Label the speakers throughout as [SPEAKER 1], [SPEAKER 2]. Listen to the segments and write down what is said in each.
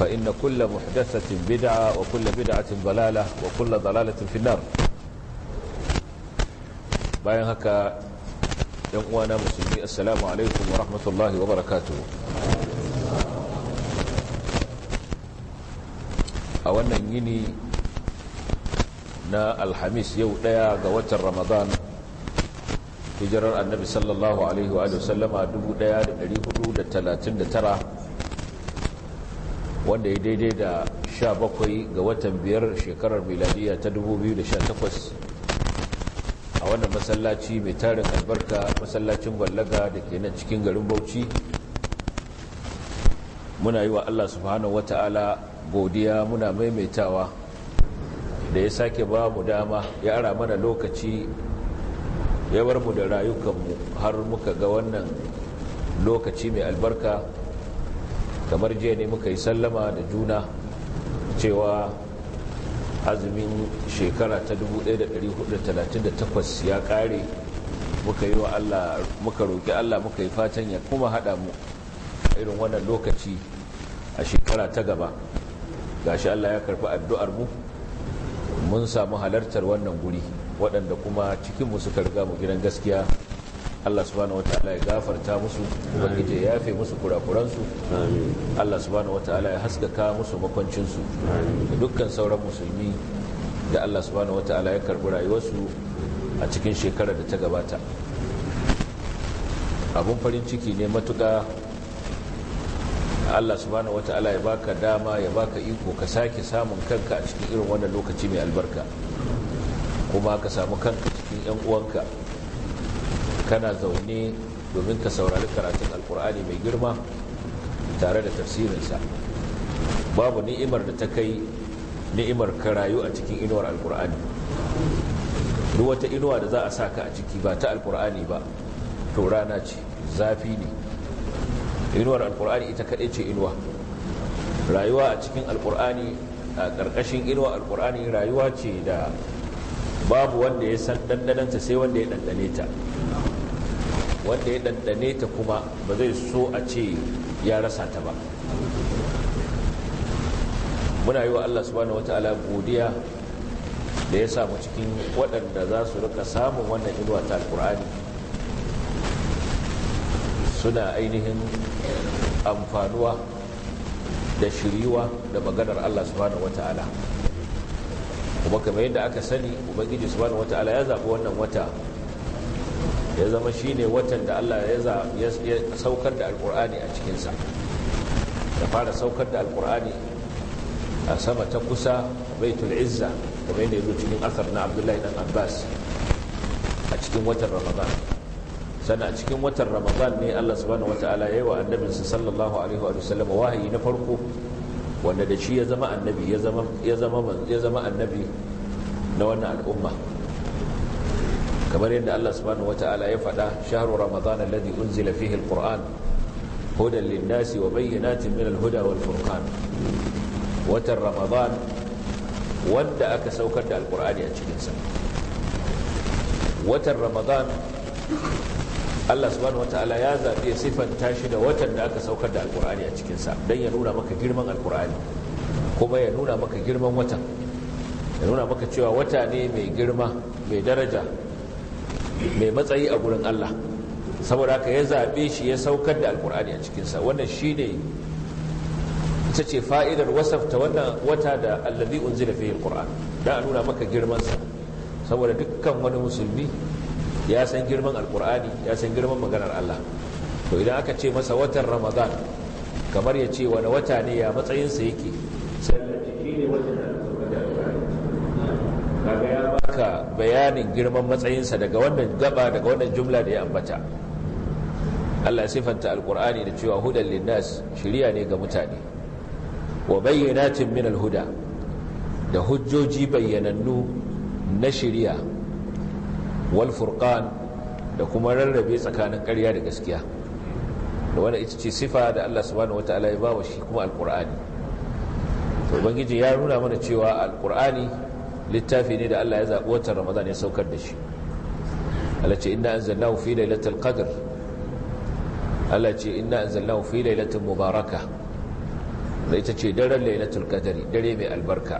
[SPEAKER 1] فإن كل محدثة بدعة وكل بدعة ضلالة وكل ضلالة في النار bayan haka yan uwana musulmi assalamu alaikum wa rahmatullahi wa barakatuhu a wannan yini na alhamis yau ɗaya ga watan ramadan hijirar annabi sallallahu alaihi wa da tara. wanda ya daidai da sha bakwai ga watan biyar shekarar miladiya ta 2018 a wannan masallaci mai tarin albarka masallacin ballaga da ke nan cikin garin bauchi muna yi wa allah subhanahu wata'ala godiya muna maimaitawa da ya sake ba mu dama ya ara mana lokaci ya bar mu da rayukanmu har muka ga wannan lokaci mai albarka kamar jiya ne muka yi sallama da juna cewa azumin shekara ta 1438 ya kare muka yi wa Allah muka roƙi Allah muka yi fatan ya kuma haɗa mu a irin wannan lokaci a shekara ta gaba gashi Allah ya karfi addu'ar mu mun samu halartar wannan guri waɗanda kuma cikinmu suka riga mu gidan gaskiya Allah subhanahu wataala ya gafarta musu ubangiji ya yafe musu kurakuransu Allah subhanahu wataala ya haskaka musu makwancinsu da dukkan sauran musulmi da Allah subhanahu wataala ya karbi rayuwarsu a cikin shekarar da ta gabata abun farin ciki ne matuka Allah subhanahu wata'ala ya baka dama ya baka iko ka sake samun kanka a cikin irin wannan lokaci mai albarka kuma ka samu kanka cikin 'yan uwanka kana zaune domin ka saurari karatun alkur'ani mai girma tare da tafsirinsa babu ni'imar da ta kai ni'imar ka rayu a cikin inuwar alkur'ani duk wata inuwa da za a sa ka a ciki ba ta alkur'ani ba to rana ce zafi ne inuwar alkur'ani ita kaɗai ce inuwa rayuwa a cikin alkur'ani a ƙarƙashin inuwa alkur'ani rayuwa ce da babu wanda ya san ɗanɗananta sai wanda ya ɗanɗane ta wanda ya ɗanɗane ta kuma ba zai so a ce ya rasa ta ba muna yi wa allah subhanahu ala godiya da ya samu cikin waɗanda za su rika samun wannan inuwa ta alkur'ani suna ainihin amfanuwa da shiriwa da maganar allah subhanahu ala kuma kamar yadda aka sani ubangiji subhanahu ala ya zaɓi wannan wata ya zama shine watan da Allah ya saukar da alkur'ani a cikinsa da fara saukar da alkur'ani a sama ta kusa baitul izza kamar yadda yazo cikin asar na abdullahi dan abbas a cikin watan ramadan sannan a cikin watan ramadan ne Allah subhanahu ta'ala ya yi wa annabinsa sallallahu alaihi wa sallam wahayi na farko wanda da shi ya zama annabi ya zama annabi na wannan al'umma kamar yadda Allah subhanahu wata'ala ya faɗa shahru ramadan alladhi unzila fihi alquran hudan lin-nasi wa bayyinatin min al-huda wal-furqan watan ramadan wanda aka saukar da alqur'ani a cikin sa watan ramadan Allah subhanahu wata'ala ya zaɓi sifanta shi da watan da aka saukar da alqur'ani a cikin sa dan ya nuna maka girman alqur'ani kuma ya nuna maka girman watan ya nuna maka cewa wata ne mai girma mai daraja mai matsayi a gurin Allah saboda haka ya zaɓe shi ya saukar da alkur'ani a cikinsa wannan shi ne ita ce fa'idar wasafta wannan wata da allazi unzila fihi alqur'an dan a nuna maka girmansa saboda dukkan wani musulmi ya san girman alkur'ani ya san girman maganar Allah to idan aka ce masa watan ramadan kamar ya ce wani wata ne ya matsayinsa yake jiki ne wajen kaga bayanin girman matsayinsa daga wannan gaba daga wannan jumla da ya ambata Allah sifanta alqur'ani da cewa hudan linnas shiriya ne ga mutane wa bayyinatin min alhuda da hujjoji bayyanannu na shiriya wal furqan da kuma rarrabe tsakanin ƙarya da gaskiya da wani ita ce sifa da Allah subhanahu wataala ya ba wa shi kuma alqur'ani to ubangiji ya nuna mana cewa alqur'ani littafi ne da Allah ya zaɓi watan ramadan ya saukar da shi Allah ce inna anzalnahu fi lailatul qadr Allah ce inna anzalnahu fi lailatin mubaraka da ita ce daren lailatul qadri dare mai albarka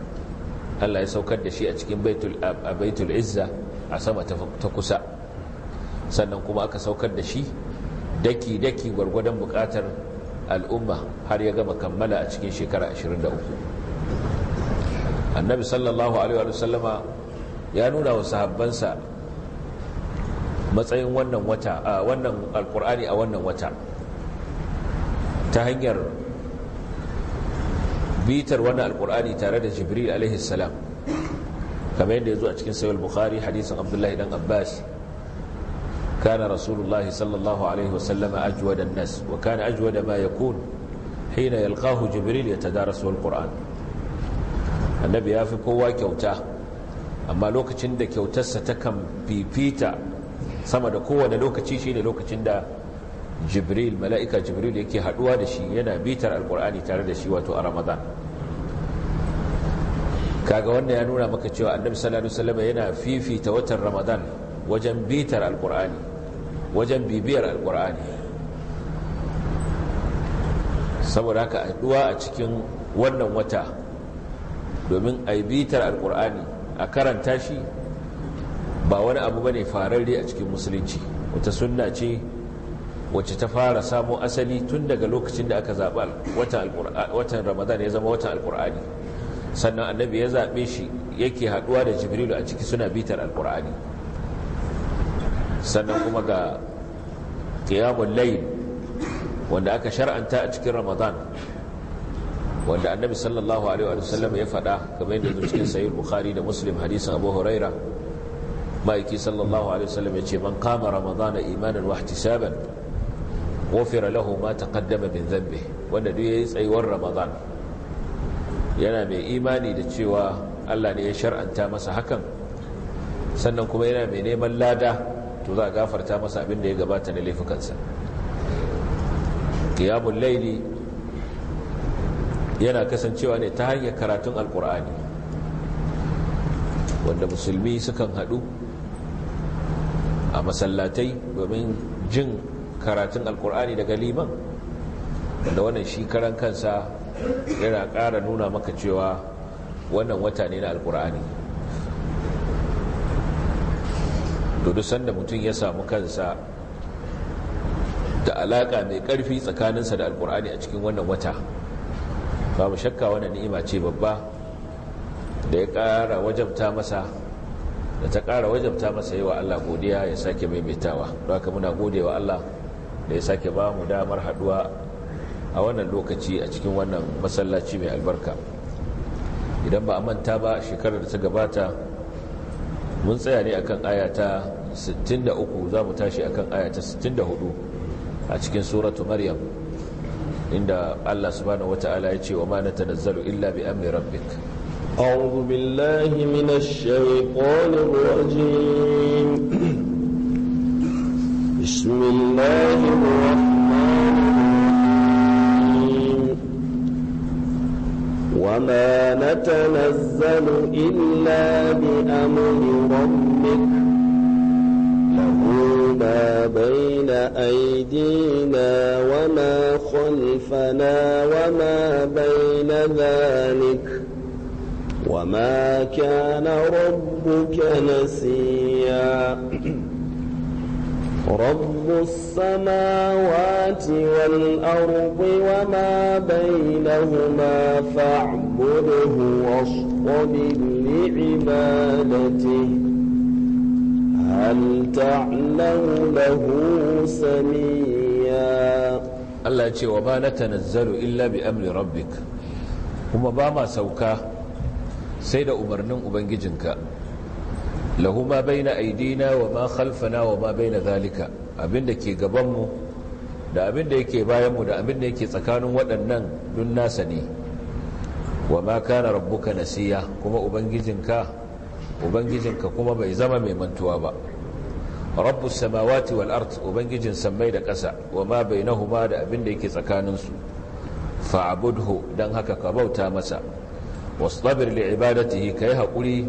[SPEAKER 1] Allah ya saukar da shi a cikin baitul a baitul izza a sama ta kusa sannan kuma aka saukar da shi daki daki gwargwadon bukatar al'umma har ya gama kammala a cikin shekara 23 annabi sallallahu alaihi wa sallama ya nuna wa sahabbansa matsayin wannan wata a wannan alkur'ani a wannan wata ta hanyar bitar wannan alkur'ani tare da jibril alaihi salam kamar yadda ya zo a cikin sayar bukhari hadisin abdullahi dan abbas kana rasulullahi sallallahu alaihi wasallama ajwada nas wa kana ajwada ma yakun hina yalqahu jibril yatadarasu alqur'an annabi ya fi kowa kyauta amma lokacin da kyautarsa ta kan fifita sama da kowane lokaci shi ne lokacin da jibril mala'ika jibril yake haduwa da shi yana bitar alkur'ani tare da shi wato a ramadan kaga wannan ya nuna maka cewa annabi sallallahu alaihi wasallam yana fifita watan ramadan wajen bitar alkur'ani wajen bibiyar alkur'ani saboda haka haduwa a cikin wannan wata domin a yi bitar alkur'ani a karanta shi ba wani abu bane fararre a cikin musulunci wata sunna ce wacce ta fara samun asali tun daga lokacin da aka zaɓa watan ramadan ya zama watan alkur'ani sannan annabi ya zaɓe shi yake haɗuwa da jibrilu a ciki suna bitar alkur'ani sannan kuma ga ƙiyamun layin wanda aka shar'anta a cikin ramadan wanda annabi sallallahu alaihi wa sallam ya faɗa kamar yadda zuwa cikin sahih bukhari da muslim hadisin abu huraira ma'aiki sallallahu alaihi wa sallam ya ce man kama ramadana imanin wa ihtisaban ghufira lahu ma taqaddama min dhanbi wanda duk yayi tsayuwar ramadan yana mai imani da cewa Allah ne ya shar'anta masa hakan sannan kuma yana mai neman lada to za a gafarta masa abin da ya gabata na laifukansa qiyamul layli yana kasancewa ne ta hanyar karatun alkur'ani wanda musulmi sukan haɗu a masallatai domin jin karatun alkur'ani daga liman wanda wannan shi karan kansa yana ƙara nuna maka cewa wannan wata ne na alkur'ani dodo sanda mutum ya samu kansa da alaka mai ƙarfi tsakaninsa da alkur'ani a cikin wannan wata babu shakka wani ni'ima ce babba da ya kara wajabta masa da ta ƙara wajabta masa yi wa Allah godiya ya sake maimaitawa don haka muna gode wa Allah da ya sake ba mu damar haduwa a wannan lokaci a cikin wannan masallaci mai albarka idan ba a manta ba shekarar da ta gabata mun tsaya ne akan ayata 63 za mu tashi akan ayata 64 a cikin suratu maryam inda Allah subhanahu wata'ala ya ce wa ma natanazzalu illa bi amri rabbik أعوذ بالله من الشيطان
[SPEAKER 2] الرجيم بسم الله الرحمن الرحيم وما نتنزل إلا بأمر ربك له ما بين أيدينا وما خلفنا وما بين ذلك وما كان ربك نسيا رب السماوات والأرض وما بينهما فاعبده واصطبر لعبادته هل تعلم له
[SPEAKER 1] سميا الله يقول وما نتنزل إلا بأمر ربك هم باما سوكا سيد أمرنم أبنججنك له ما بين أيدينا وما خلفنا وما بين ذلك abin da ke gabanmu da abin da yake bayanmu da abin da yake tsakanin waɗannan dun nasa ne wa ma kana rabbuka nasiya kuma ubangijinka ubangijinka kuma bai zama mai mantuwa ba rabbus samawati wal art ubangijin sammai da ƙasa wa ma bainahuma da abin da yake tsakanin su fa'budhu dan haka ka bauta masa wastabir li ibadatihi kai hakuri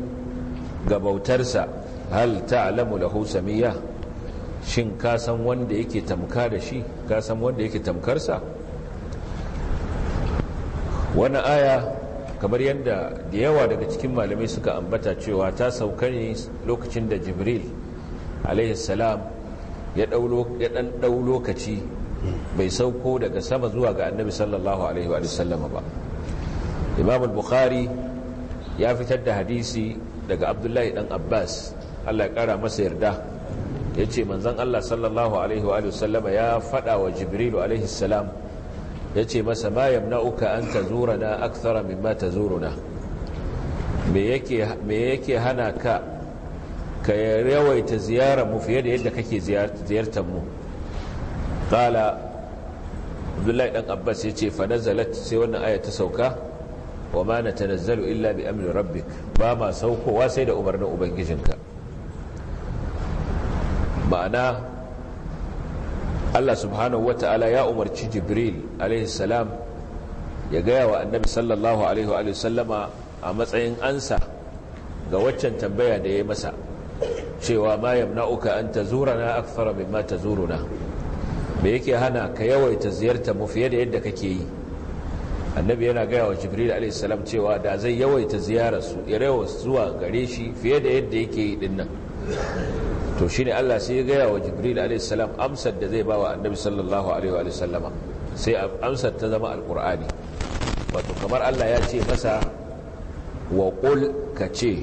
[SPEAKER 1] ga bautarsa hal ta'lamu lahu samiyya shin ka san wanda yake tamka da shi ka san wanda yake tamkarsa wani aya kamar yadda da yawa daga cikin malamai suka ambata cewa ta sauka ne lokacin da jibril alaihissalam ya dan ɗau lokaci bai sauko daga sama zuwa ga annabi sallallahu alaihi ba imam al-bukhari ya fitar da hadisi daga abdullahi dan abbas allah ya kara masa yarda ya ce manzan allah sallallahu alaihi ya faɗa wa jibril alaihissalam ya ce masa ma yamna'uka an tazura na akthara mimma tazuruna me yake hana ka ka yawaita ziyarar mu fiye da yadda kake ziyartar mu qala abdullahi dan abbas yace fa nazalat sai wannan aya ta sauka wa ma natanazzalu illa bi amri rabbik ba ma saukowa sai da umarnin ubangijinka ma'ana Allah subhanahu ya umarci Jibril alaihi salam ya gaya wa annabi sallallahu alaihi wa sallama a matsayin ansa ga waccan tambaya da ya masa cewa ma yamna'uka an tazurana akthara mimma tazuruna me yake hana ka yawaita ziyarta mu fiye da yadda kake yi annabi yana gaya wa jibril alaihi salam cewa da zai yawaita ziyarar su ya zuwa gare shi fiye da yadda yake yi dinnan to shine Allah sai ya gaya wa Jibril alaihi salam amsar da zai bawa Annabi sallallahu alaihi wa sallama sai amsar ta zama alkur'ani wato kamar Allah ya ce masa wa qul ka ce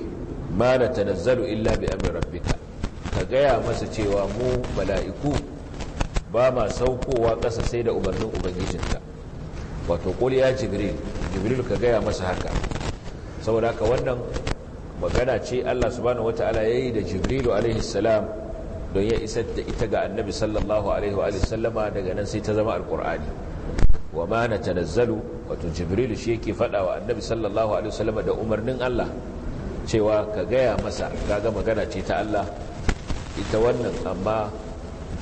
[SPEAKER 1] ma natanazzalu illa bi amri rabbika ka gaya masa cewa mu mala'iku ba ma saukowa ƙasa sai da umarnin ubangijinka wato qul ya Jibril Jibril ka gaya masa haka saboda haka wannan magana ce Allah subhanahu wata'ala yi da Jibrilu alaihi salam don ya isa da ita ga Annabi sallallahu alaihi wa sallama daga nan sai ta zama alqur'ani wa ma natanazzalu wato Jibrilu shi yake fada wa Annabi sallallahu alaihi wa sallama da umarnin Allah cewa ka gaya masa kaga magana ce ta Allah ita wannan amma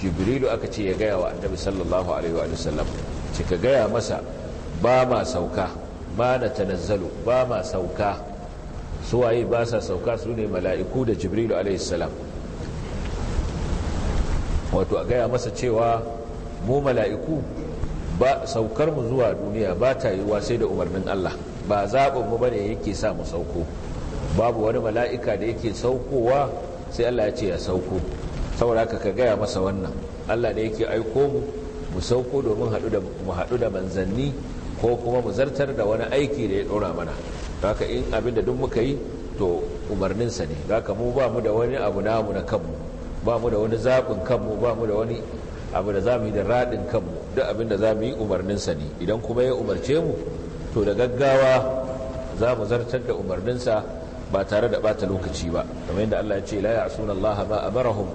[SPEAKER 1] Jibrilu aka ce ya gaya wa Annabi sallallahu alaihi wa sallama ce ka gaya masa ba ma sauka ma natanazzalu ba ma sauka suwaye ba sa sauka su ne mala'iku da jibrilu alaihissalam wato a gaya masa cewa mu mala'iku ba saukar mu zuwa duniya ba ta yiwuwa sai da umarnin Allah ba zaɓin mu ne yake sa mu sauko babu wani mala'ika da yake saukowa sai Allah ya ce ya sauko saboda haka ka gaya masa wannan Allah ne yake aiko mu mu sauko domin mu haɗu da manzanni ko kuma mu zartar da wani aiki da ya ɗora mana haka in abin da duk muka yi to umarninsa ne haka mu ba mu da wani abu namu na kanmu ba mu da wani zaɓin kanmu ba mu da wani abu da za mu yi da raɗin kanmu duk abin da za mu yi umarninsa ne idan kuma ya umarce mu to da gaggawa za mu zartar da umarninsa ba tare da ɓata lokaci ba kamar yadda Allah ya ce la ya'suna Allah ma amarahum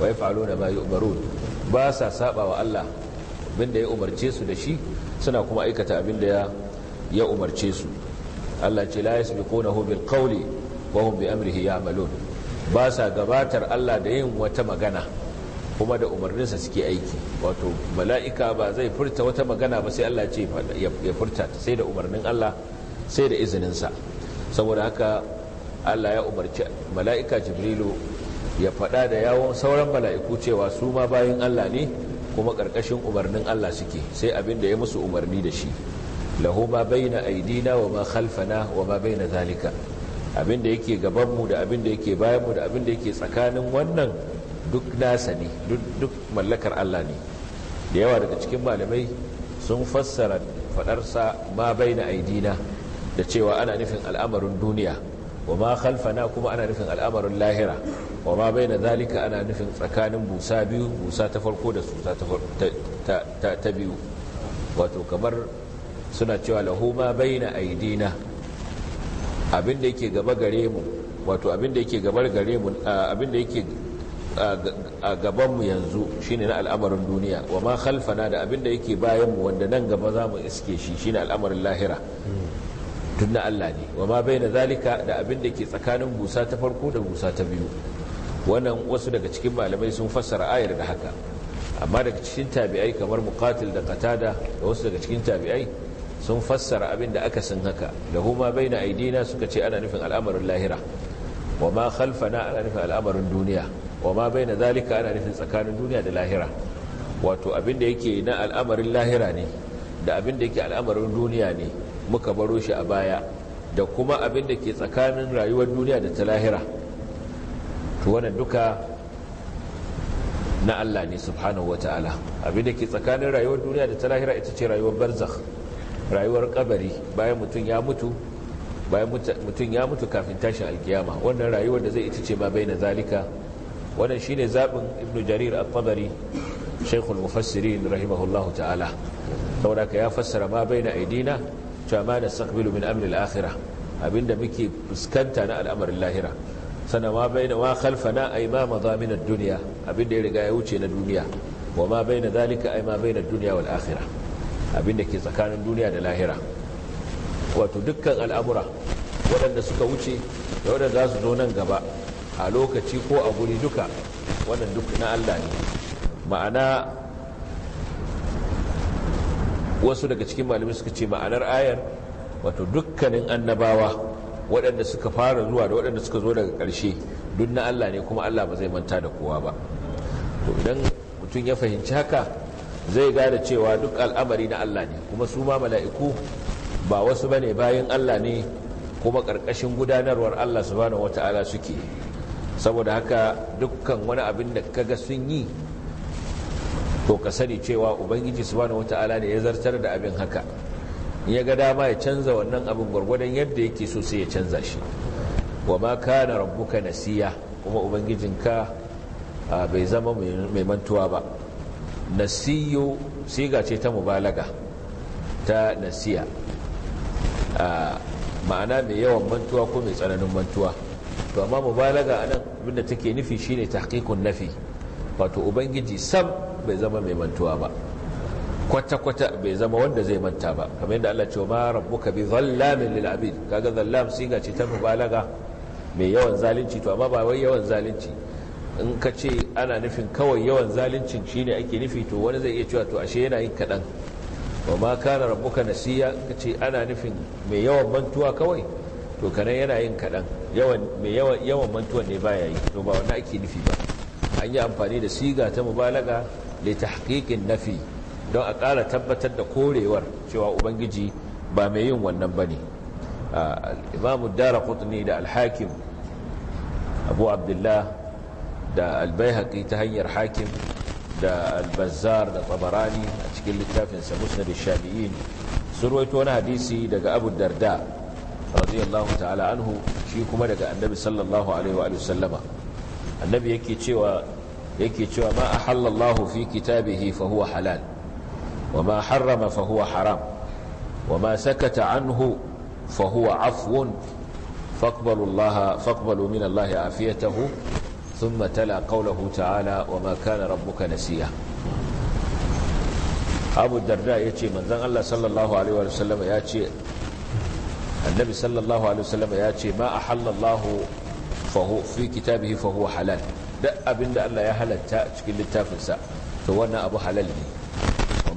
[SPEAKER 1] wa yaf'aluna ma yu'marun ba sa saba wa Allah abin da ya umarce su da shi suna kuma aikata abin da ya umarce su Allah ce la yasbiqunahu bil qawli wa hum bi amrihi ya'malun ba sa gabatar Allah da yin wata magana kuma da umarninsa suke aiki wato mala'ika ba zai furta wata magana ba sai Allah ce ya furta sai da umarnin Allah sai da izininsa saboda haka Allah ya umarci mala'ika jibrilu ya faɗa da yawon sauran mala'iku cewa su ma bayan Allah ne kuma ƙarƙashin umarnin Allah suke sai abin da ya musu umarni da shi lahu ma bayna aydina wa ma khalfana wa ma bayna zalika abinda yake da abin da yake bayanmu da abin da yake tsakanin wannan duk nasa ne duk mallakar Allah ne da yawa daga cikin malamai sun fassara fadarsa ma na aydina da cewa ana nufin al'amarin duniya wa ma khalfana kuma ana nufin al'amarin lahira wa ma na zalika ana nufin tsakanin busa biyu busa ta farko da su ta biyu wato kamar suna cewa lahu ma baina aidina abinda yake gaba gare mu wato abinda yake gabar gare mu abinda yake a gabanmu yanzu shine na al'amarin duniya wa ma khalfana da abinda yake bayanmu wanda nan gaba za mu iske shi shine al'amarin lahira tun na Allah ne wa ma baina zalika da abinda ke tsakanin busa ta farko da busa ta biyu wannan wasu daga cikin malamai sun fassara ayar da haka amma daga cikin tabi'ai kamar muqatil da qatada da wasu daga cikin tabi'ai sun fassara abin da aka sun haka da huma bai na aidina suka ce ana nufin al'amarin lahira wa ma khalfana ana nufin al'amarin duniya wa ma bai na zalika ana nufin tsakanin duniya da lahira wato abin da yake na al'amarin lahira ne da abin da yake al'amarin duniya ne muka baro shi a baya da kuma abin da ke tsakanin rayuwar duniya da ta lahira to wannan duka na Allah ne subhanahu wataala abin da ke tsakanin rayuwar duniya da ta lahira ita ce rayuwar barzakh rayuwar kabari bayan mutum ya mutu bayan mutum ya mutu kafin tashin alkiyama wannan rayuwar da zai ita ce ma bai na zalika wannan shine zaɓin ibn jarir al-tabari shaykhul mufassirin rahimahullahu ta'ala saboda ka ya fassara ma bai na aidina cewa ma na sakbilu min amin al abinda muke fuskanta na al'amarin lahira sana ma bai na wa khalfana ay ma madamin duniya abinda ya riga ya wuce na duniya wa ma bai na zalika aima ma bai na ad wal akhirah abinda ke tsakanin duniya da lahira wato dukkan al'amura waɗanda suka wuce da waɗanda za su zo nan gaba a lokaci ko a guri duka wannan duk na Allah ne ma'ana wasu daga cikin malamai suka ce ma'anar ayar wato dukkanin annabawa waɗanda suka fara zuwa da waɗanda suka zo daga ƙarshe duk na Allah ne kuma Allah ba zai manta da kowa ba to idan mutum ya fahimci haka zai gane cewa duk al'amari na Allah ne kuma su ma mala'iku ba wasu bane bayan Allah ne kuma ƙarƙashin gudanarwar Allah subhanahu wata'ala suke saboda haka dukkan wani abin da kaga sun yi to ka sani cewa ubangiji subhanahu wata'ala ne ya zartar da abin haka ya ga dama ya canza wannan abin gwargwadon yadda yake so sai ya canza shi wa ma kana rabbuka nasiya kuma ubangijinka bai zama mai mantuwa ba nasiyo siga ce ta mubalaga ta nasiya ma'ana mai yawan mantuwa ko mai tsananin mantuwa to amma mubalaga nan abinda take nufi shine tahqiqun nafi wato ubangiji sam bai zama mai mantuwa ba kwata-kwata bai zama wanda zai manta ba kamar yadda Allah ce ma rabbuka bi zallamin lil abid kaga zallam siga ce ta mubalaga mai yawan zalunci to amma ba wai yawan zalunci in ka ce ana nufin kawai yawan zaluncin shine ake nufi to wani zai iya cewa to ashe yana yin kaɗan ba ma kana na nasiya in ka ce ana nufin mai yawan mantuwa kawai to kanan yana yin kaɗan mai yawan mantuwa ne baya yi to ba wani ake nufi ba an yi amfani da siga ta mubalaga da ta haƙiƙin nafi don a ƙara tabbatar da korewar cewa ubangiji ba mai yin wannan ba ne ah, imamu dara kutni da alhakim abu abdullah da albayhaqi ta hanyar hakim da albazar da tabarani a cikin littafinsa musnad shafi'in sun rawaito wani hadisi daga abu darda radiyallahu ta'ala anhu shi kuma daga annabi sallallahu alaihi wa sallama annabi yake cewa yake cewa ma ahalla Allah fi kitabihi fa huwa halal wa ma harrama fa huwa haram wa ma sakata anhu fa huwa afwun faqbalu Allah faqbalu min Allah afiyatahu ثم تلا قوله تعالى وما كان ربك نسيا abu darda ya ce manzan allah sallallahu alaihi wa sallam ya ce annabi sallallahu alaihi wa sallam ya ce ma a halallahu fi kitabihi fahu halal duk abinda allah ya halatta cikin littafinsa to wannan abu halal ne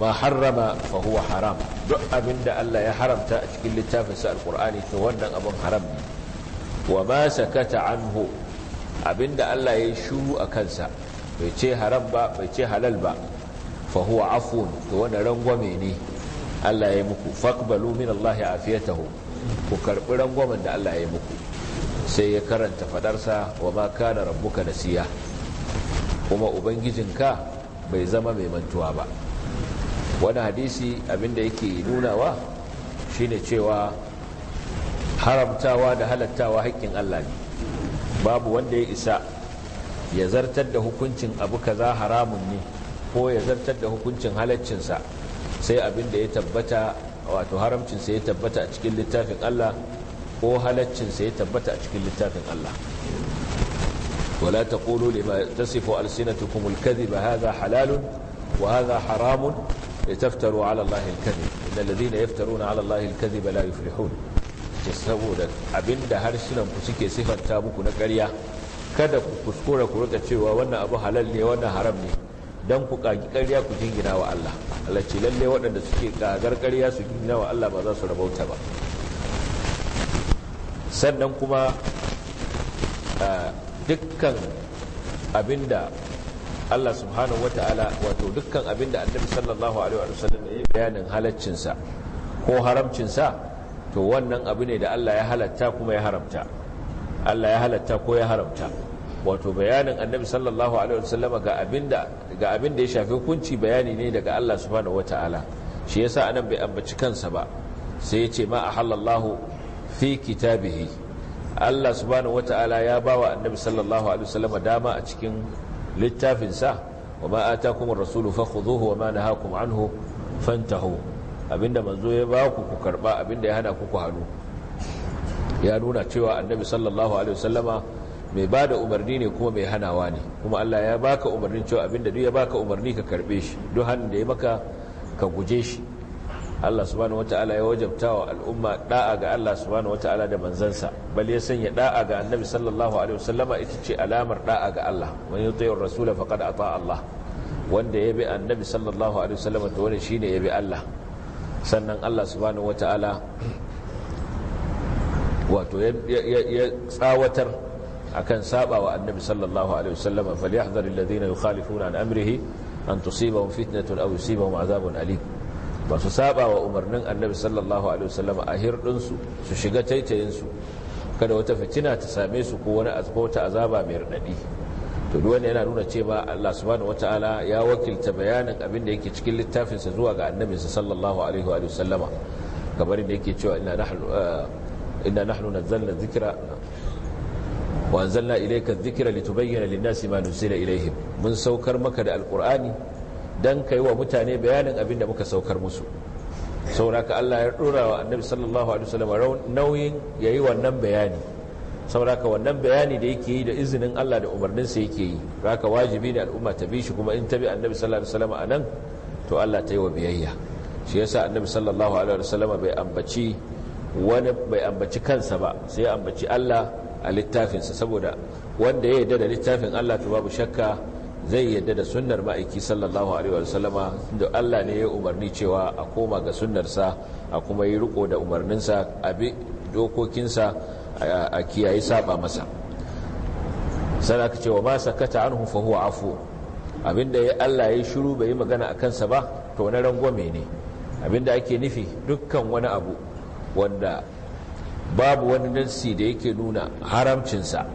[SPEAKER 1] ma harrama fahu haram duk abinda allah ya haramta a cikin littafinsa alkur'ani to wannan abun haram ne wa ma sakata anhu abinda Allah ya shu a kansa bai ce haram ba bai ce halal ba fa huwa afun to wannan rangwame ne Allah ya yi muku faqbalu min Allah afiyatahu ku karbi rangwamen da Allah ya yi muku sai ya karanta fadarsa wa ma kana rabbuka nasiya kuma ka bai zama mai mantuwa ba wani hadisi abinda yake nunawa shine cewa haramtawa da halattawa haƙƙin Allah ne babu wanda ya isa ya zartar da hukuncin abu kaza haramun ne ko ya zartar da hukuncin halaccinsa sai abin da ya tabbata wato haramcinsa ya tabbata a cikin littafin Allah ko halaccinsa ya tabbata a cikin littafin Allah ولا تقولوا لما تصف ألسنتكم الكذب هذا حلال وهذا حرام لتفتروا على الله الكذب إن الذين يفترون على الله الكذب لا يفلحون ce saboda abinda harsunan ku suke sifanta muku na ƙarya kada ku kuskura ku rika cewa wannan abu halal ne wannan haram ne don ku ƙaƙi ƙarya ku jingina wa Allah Allah lalle waɗanda suke ƙagar ƙarya su jingina wa Allah ba za su rabauta ba sannan kuma dukkan abinda Allah subhanahu ta'ala wato dukkan abinda annabi sallallahu alaihi wa sallam ya yi bayanin halaccinsa ko haramcinsa to wannan abu ne da Allah ya halatta kuma ya haramta Allah ya halatta ko ya haramta wato bayanin annabi sallallahu alaihi wasallama ga abinda ga abinda ya shafi kunci bayani ne daga Allah subhanahu wataala shi yasa anan bai ambaci kansa ba sai ya ce ma ahallallahu fi kitabihi Allah subhanahu wataala ya bawa annabi sallallahu alaihi wasallama dama a cikin littafinsa wa ma atakumur rasulu fakhudhuhu wa ma nahakum anhu fantahu abinda manzo ya ba ku ku karba abinda ya hana ku ku hannu ya nuna cewa annabi sallallahu alaihi wasallama mai ba da umarni ne kuma mai hanawa ne kuma Allah ya baka umarnin cewa abinda duk ya baka umarni ka karbe shi duk hannun da ya maka ka guje shi Allah subhanahu wata'ala ya wajabta wa al'umma da'a ga Allah subhanahu wata'ala da manzansa bal ya sanya da'a ga annabi sallallahu alaihi wasallama ita ce alamar da'a ga Allah man yuti ar-rasula faqad ata Allah wanda ya bi annabi sallallahu alaihi wasallama to wani shine ya bi Allah sannan allah subhanahu wata'ala wato ya tsawatar akan saba wa annabi sallallahu alaihi wasallam falyahzar alladhina yukhalifuna an amrihi an tusibahum fitnatun aw yusibahum azabun alim ba su saba wa umarnin annabi sallallahu alaihi wasallam a hirdinsu su shiga taitayinsu kada wata fitina ta same su ko wani azaba mai radadi to duk wanda yana nuna cewa Allah subhanahu wataala ya wakilta bayanin abin da yake cikin littafin sa zuwa ga annabi sallallahu alaihi wa sallama kamar da yake cewa inna nahnu eh, inna nahnu nazzalna dhikra wa anzalna ilayka dhikra litubayyana lin-nasi ma nusila ilayhim mun saukar maka da alqur'ani dan kai wa mutane bayanin abin da muka saukar musu sauraka Allah ya dora wa annabi sallallahu alaihi wa wasallam nauyin yayi wannan bayani sauraka wannan bayani da yake yi da izinin Allah da umarninsa yake yi raka wajibi ne al'umma ta bi shi kuma in ta bi annabi sallallahu alaihi wasallam anan to Allah ta yi wa biyayya shi yasa annabi sallallahu alaihi wasallam bai ambaci wani bai ambaci kansa ba sai ya ambaci Allah a littafinsa saboda wanda ya yarda da littafin Allah to babu shakka zai yarda da sunnar ma'aiki sallallahu alaihi wasallama da Allah ne ya umarni cewa a koma ga sunnarsa a kuma yi riko da umarninsa a bi dokokinsa a kiyaye saba masa sana ka ce wa ma sakata an fa huwa afu abinda ya Allah ya shiru bai yi magana a kansa ba to wani rangwame ne abinda ake nufi dukkan wani abu wanda babu wani nassi da yake nuna haramcinsa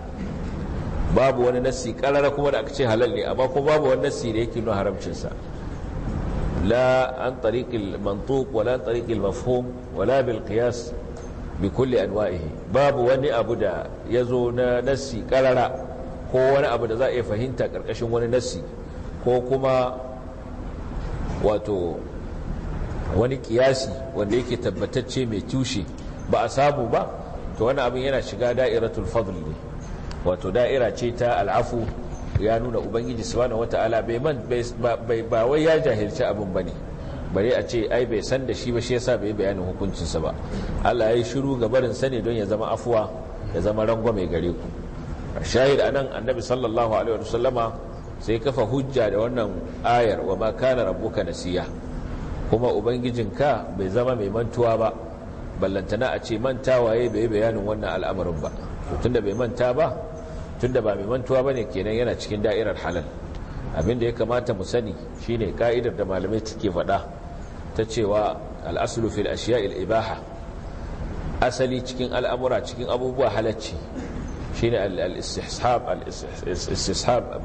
[SPEAKER 1] babu wani nassi karara kuma da aka ce halal ne amma kuma babu wani nassi da yake nuna haramcinsa la an tariqil mantuq wala an tariqil mafhum wala bil qiyas bi kulli babu wani abu da ya zo na nassi karara ko wani abu da za a iya fahimta ƙarƙashin wani nassi ko kuma wato wani kiyasi wanda yake tabbatacce mai tushe ba a sabu ba to wani abin yana shiga da'iratul fadl ne wato da'ira ce ta al'afu ya nuna ubangiji subhanahu wataala bai man ba wai ya jahilci abin bane bare a ce ai bai san da shi ba shi yasa bai bayanin hukuncinsa ba Allah ya yi shiru ga barin sani don ya zama afuwa ya zama mai gare ku shahid anan annabi sallallahu alaihi wa sallama sai kafa hujja da wannan ayar wa ma kana rabbuka nasiya kuma ubangijinka bai zama mai mantuwa ba ballantana a ce mantawaye bai bayanin wannan al'amarin ba tunda bai manta ba tunda ba mai mantuwa bane kenan yana cikin da'irar halal abin da ya kamata mu sani shine ka'idar da malamai suke faɗa ta cewa al'asulu fil ashiya'il ibaha asali cikin al'amura cikin abubuwa halacci shi ne istihsab al-istihsab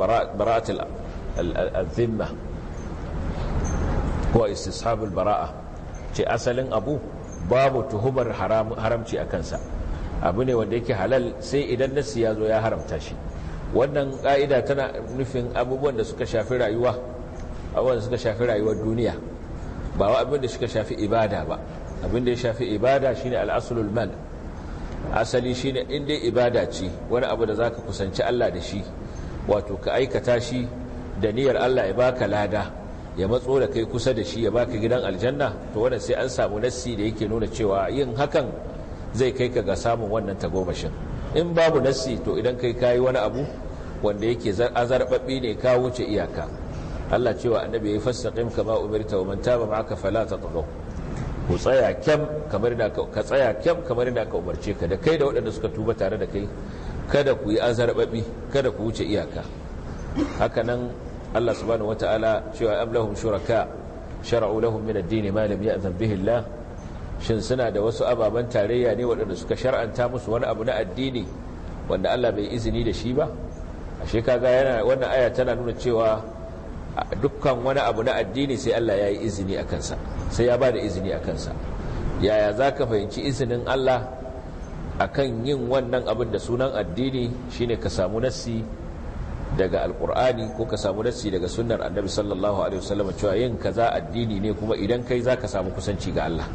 [SPEAKER 1] ko istihsab baraa ce asalin abu babu tuhumar haramci a kansa abu ne wanda yake halal sai idan nasi ya zo ya haramta shi wannan ka'ida tana nufin abubuwan da suka shafi rayuwa abubuwan da suka shafi rayuwar duniya ba wa abin da suka shafi ibada ba abin da ya shafi ibada shine al'asulul mal asali shine in dai ibada ce wani abu da zaka kusanci Allah da shi wato ka aikata shi da niyyar Allah ya baka lada ya matso da kai kusa da shi ya baka gidan aljanna to wannan sai an samu nassi da yake nuna cewa yin hakan zai kai ka ga samun wannan tagomashin in babu nassi to idan kai kayi wani abu wanda yake azarbabbi ne ka wuce iyaka Allah cewa annabi ya fastaqim kama umirta wa man taba ma'aka fala tatghaw ku tsaya kyam kamar da ka tsaya kyam kamar da ka umarce ka da kai da waɗanda suka tuba tare da kai kada ku yi azarbabi kada ku wuce iyaka haka nan Allah subhanahu wataala cewa am lahum shuraka shar'u lahum min ad-din ma lam ya'zan bihi Allah shin suna da wasu ababen tarayya ne waɗanda suka shar'anta musu wani abu na addini wanda Allah bai izini da shi ba ashe kaga yana wannan aya tana nuna cewa dukkan wani abu na addini sai Allah ya yi izini a kansa sai ya ba da izini a kansa yaya za ka fahimci izinin Allah a kan yin wannan abin da sunan addini shine ka samu nassi daga alkur'ani ko ka samu nassi daga sunnar annabi sallallahu alaihi wasallam cewa yin kaza addini ne kuma idan kai za ka samu kusanci ga Allah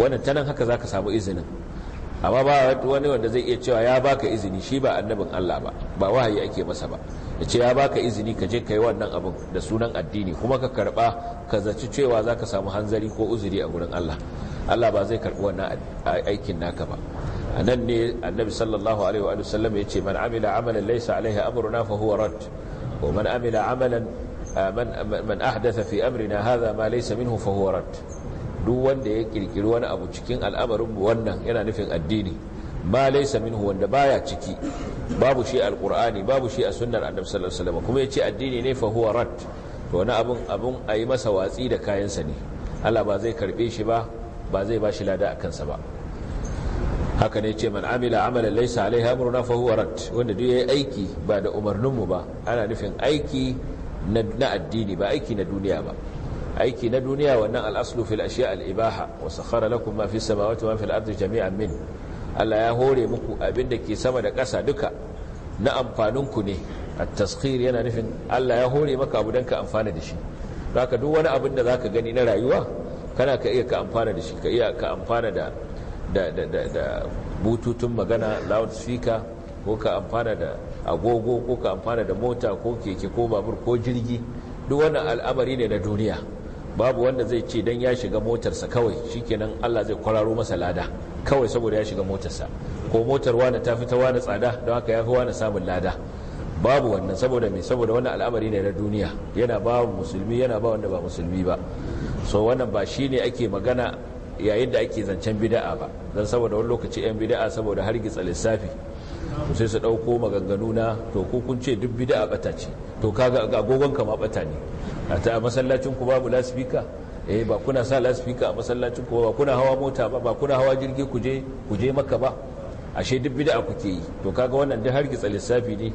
[SPEAKER 1] wannan tanan haka za ka samu izinin amma ba wani wanda zai iya cewa ya baka izini shi ba annabin Allah ba ba wahayi ake masa ba ya ce ya baka izini ka je ka yi wannan abin da sunan addini kuma ka karba ka zaci cewa za ka samu hanzari ko uzuri a gurin Allah Allah ba zai karbi wannan aikin naka ba a nan ne annabi sallallahu alaihi wa sallam ya ce man amila amalan laisa alaihi amruna fa huwa rad wa man amila amalan man man ahdatha fi amrina hadha ma laisa minhu fa huwa rad duk wanda ya kirkiri wani abu cikin al'amarin wannan yana nufin addini ma laysa minhu wanda baya ciki babu shi alkur'ani babu shi a sunnar annabi sallallahu alaihi kuma yace addini ne fa huwa rad to wani abun abun ayi masa watsi da kayansa ne Allah ba zai karbe shi ba ba zai ba shi lada a kansa ba haka ne ce man amila amala laysa alaiha amruna fa huwa rad wanda duk yayi aiki ba da umarnin mu ba ana nufin aiki na addini ba aiki na duniya ba aiki na duniya wannan al-aslu fil ashiya al-ibaha wa sakhara lakum ma fis samawati wa ma ardi jami'an min Allah ya hore muku abin da ke sama da ƙasa duka na amfaninku ne a taskir yana nufin Allah ya hore maka abu don ka amfana da shi ka duk wani abin da za ka gani na rayuwa kana ka iya ka amfana da shi ka iya ka amfana da bututun magana loudspeaker ko ka amfana da agogo ko ka amfana da mota ko keke ko babur ko jirgi duk wani al'amari ne na duniya babu wanda zai ce don ya shiga motarsa kawai shi shikenan Allah zai kwararo masa lada kawai saboda ya shiga motarsa ko motar wani ta fi ta wani tsada don haka ya fi wani samun lada babu wannan saboda mai saboda wannan al'amari ne na duniya yana ba musulmi yana ba wanda ba musulmi ba so wannan ba shi ne ake magana yayin da ake zancen bida'a ba don saboda wani lokaci 'yan bida'a saboda har gitsa lissafi sai su ɗauko maganganu na to ko kun ce duk bida'a ɓata ce to kaga agogon kama ɓata ne a ta masallacin ku babu lasifika eh ba kuna sa lasfika a masallacin ku ba kuna hawa mota ba ba kuna hawa jirgi ku je maka ba ashe duk bid'a kuke yi to kaga wannan duk har gitsa lissafi ne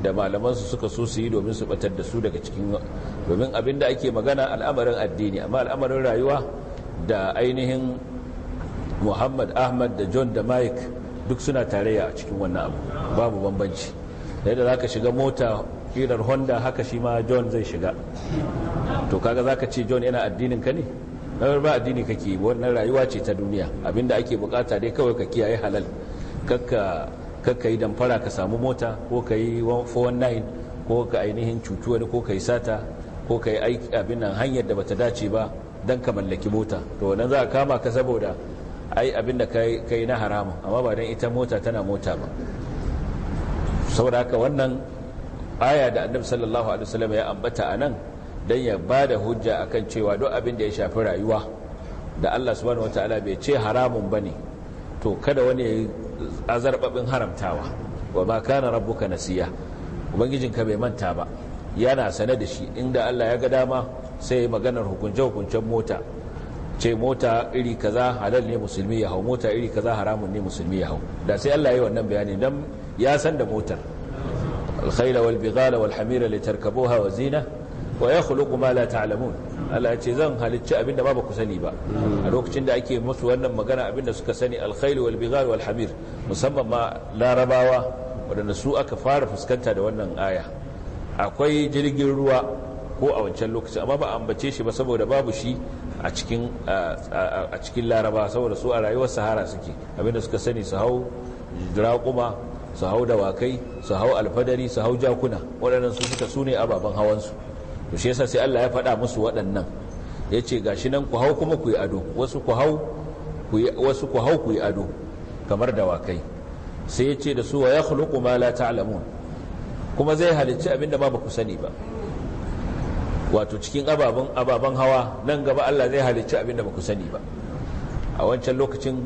[SPEAKER 1] da malaman su suka so su yi domin su batar da su daga cikin domin abin da ake magana al'amarin addini amma al'amarin rayuwa da ainihin Muhammad Ahmad da John da Mike duk suna tarayya a cikin wannan abu babu bambanci yadda za ka shiga mota kirar honda haka shi ma john zai shiga to kaga zaka ce john yana addinin ka ne na ba addini kake wannan rayuwa ce ta duniya abinda ake bukata dai kawai ka kiyaye halal kakka yi damfara ka samu mota ko ka yi 419 ko ka ainihin cutuwa ko ka yi sata ko ka yi abin nan hanyar da bata dace ba don ka mallaki mota to wannan za a kama ka saboda ai abin da ka na haramu amma ba don ita mota tana mota ba saboda haka wannan aya da annabi sallallahu alaihi wasallam ya ambata anan dan ya bada hujja akan cewa duk abin da ya shafi rayuwa da Allah subhanahu wataala bai ce haramun bane to kada wani ya azarbabin haramtawa wa ma kana rabbuka nasiya ka bai manta ba yana sane da shi inda Allah ya ga dama sai maganar hukunce hukuncen mota ce mota iri kaza halal ne musulmi ya hau mota iri kaza haramun ne musulmi ya hau da sai Allah ya yi wannan bayani dan ya san da motar الخيل والبغال والحمير لتركبوها وزينة ويخلق ما لا تعلمون Allah ce zan halicci abinda ba ku sani ba a lokacin da ake musu wannan magana da suka sani alkhairu wal bighar wal musamman ma larabawa wadanda su aka fara fuskanta da wannan aya akwai jirgin ruwa ko a wancan lokaci amma ba ambace shi ba saboda babu shi a cikin a cikin larabawa saboda su a rayuwar sahara suke abinda suka sani su hau raƙuma su hau dawakai su hau alfadari su hau jakuna waɗannan su suka su ne ababen hawansu to shi yasa sai Allah ya faɗa musu waɗannan ya ce gashi nan ku hau kuma ku yi ado wasu ku hau wasu ku hau ku yi ado kamar dawakai sai ya ce da su wa ya khuluqu ma la ta'lamun kuma zai halicci abinda ba ku sani ba wato cikin ababen ababen hawa nan gaba Allah zai halicci abinda ba ku sani ba a wancan lokacin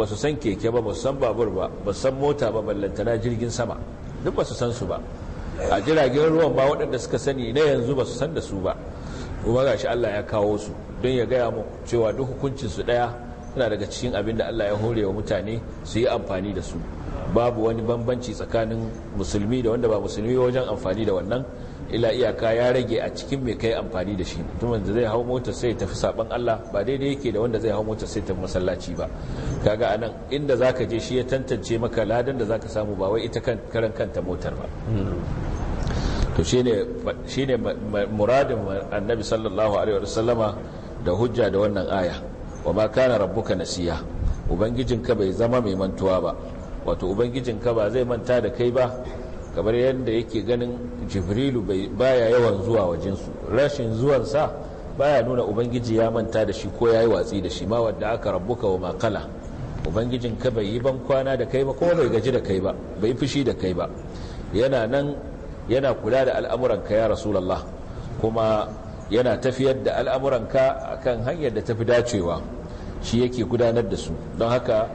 [SPEAKER 1] ba su san keke ba ba su san babur ba ba san mota ba ballantana jirgin sama duk ba su san su ba a jiragen ruwan ba waɗanda suka sani na yanzu ba su san da su ba kuma gashi Allah ya kawo su don ya gaya mu cewa duk hukuncin su ɗaya suna daga cikin abin da Allah ya hore wa mutane su yi amfani da su babu wani bambanci tsakanin musulmi da wanda ba musulmi wajen amfani da wannan ila iyaka ya rage a cikin mai kai amfani da shi mutum da zai hau mota sai tafi saban Allah ba daidai yake da wanda zai hau mota sai tafi masallaci ba kaga anan inda zaka je shi ya tantance maka ladan da zaka samu ba wai ita kan karan kanta motar ba to shine shine muradin annabi sallallahu alaihi wasallama da hujja da wannan aya wa ma kana rabbuka nasiya ubangijinka bai zama mai mantuwa ba wato ubangijinka ba zai manta da kai ba kamar yadda yake ganin jibrilu baya yawan zuwa wajensu rashin zuwansa baya nuna ubangiji ya manta da shi ko ya yi watsi da shi ma wadda aka rabuka wa makala ubangijin ka bai yi ban kwana da kai ba ko bai gaji da kai ba bai fushi da kai ba yana nan yana kula da al'amuranka ya rasulallah kuma yana tafiyar da al'amuranka akan hanyar da tafi dacewa shi yake gudanar da su don haka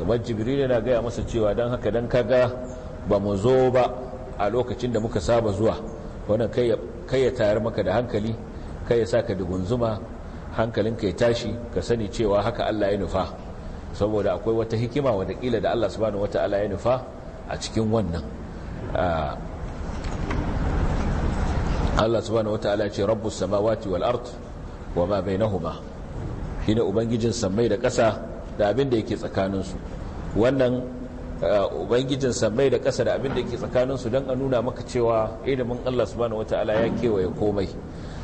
[SPEAKER 1] kamar jibrilu na gaya masa cewa don haka don kaga ba mu zo ba a lokacin da muka saba zuwa wannan kai ya tayar maka da hankali kai ya sa ka dugunzuma hankalinka ya tashi ka sani cewa haka Allah ya nufa saboda akwai wata hikima wadakila da Allah subhanahu wata'ala ya nufa a cikin wannan ah, Allah subhanahu wata'ala ce rabbus samawati wal ard wama bainahuma shine ubangijin sammai da ƙasa da abin da yake tsakaninsu wannan Eh, ubangijin sammai da ƙasa da abin da ke tsakaninsu don a nuna maka cewa ilimin Allah subhanahu ta'ala ya kewaye komai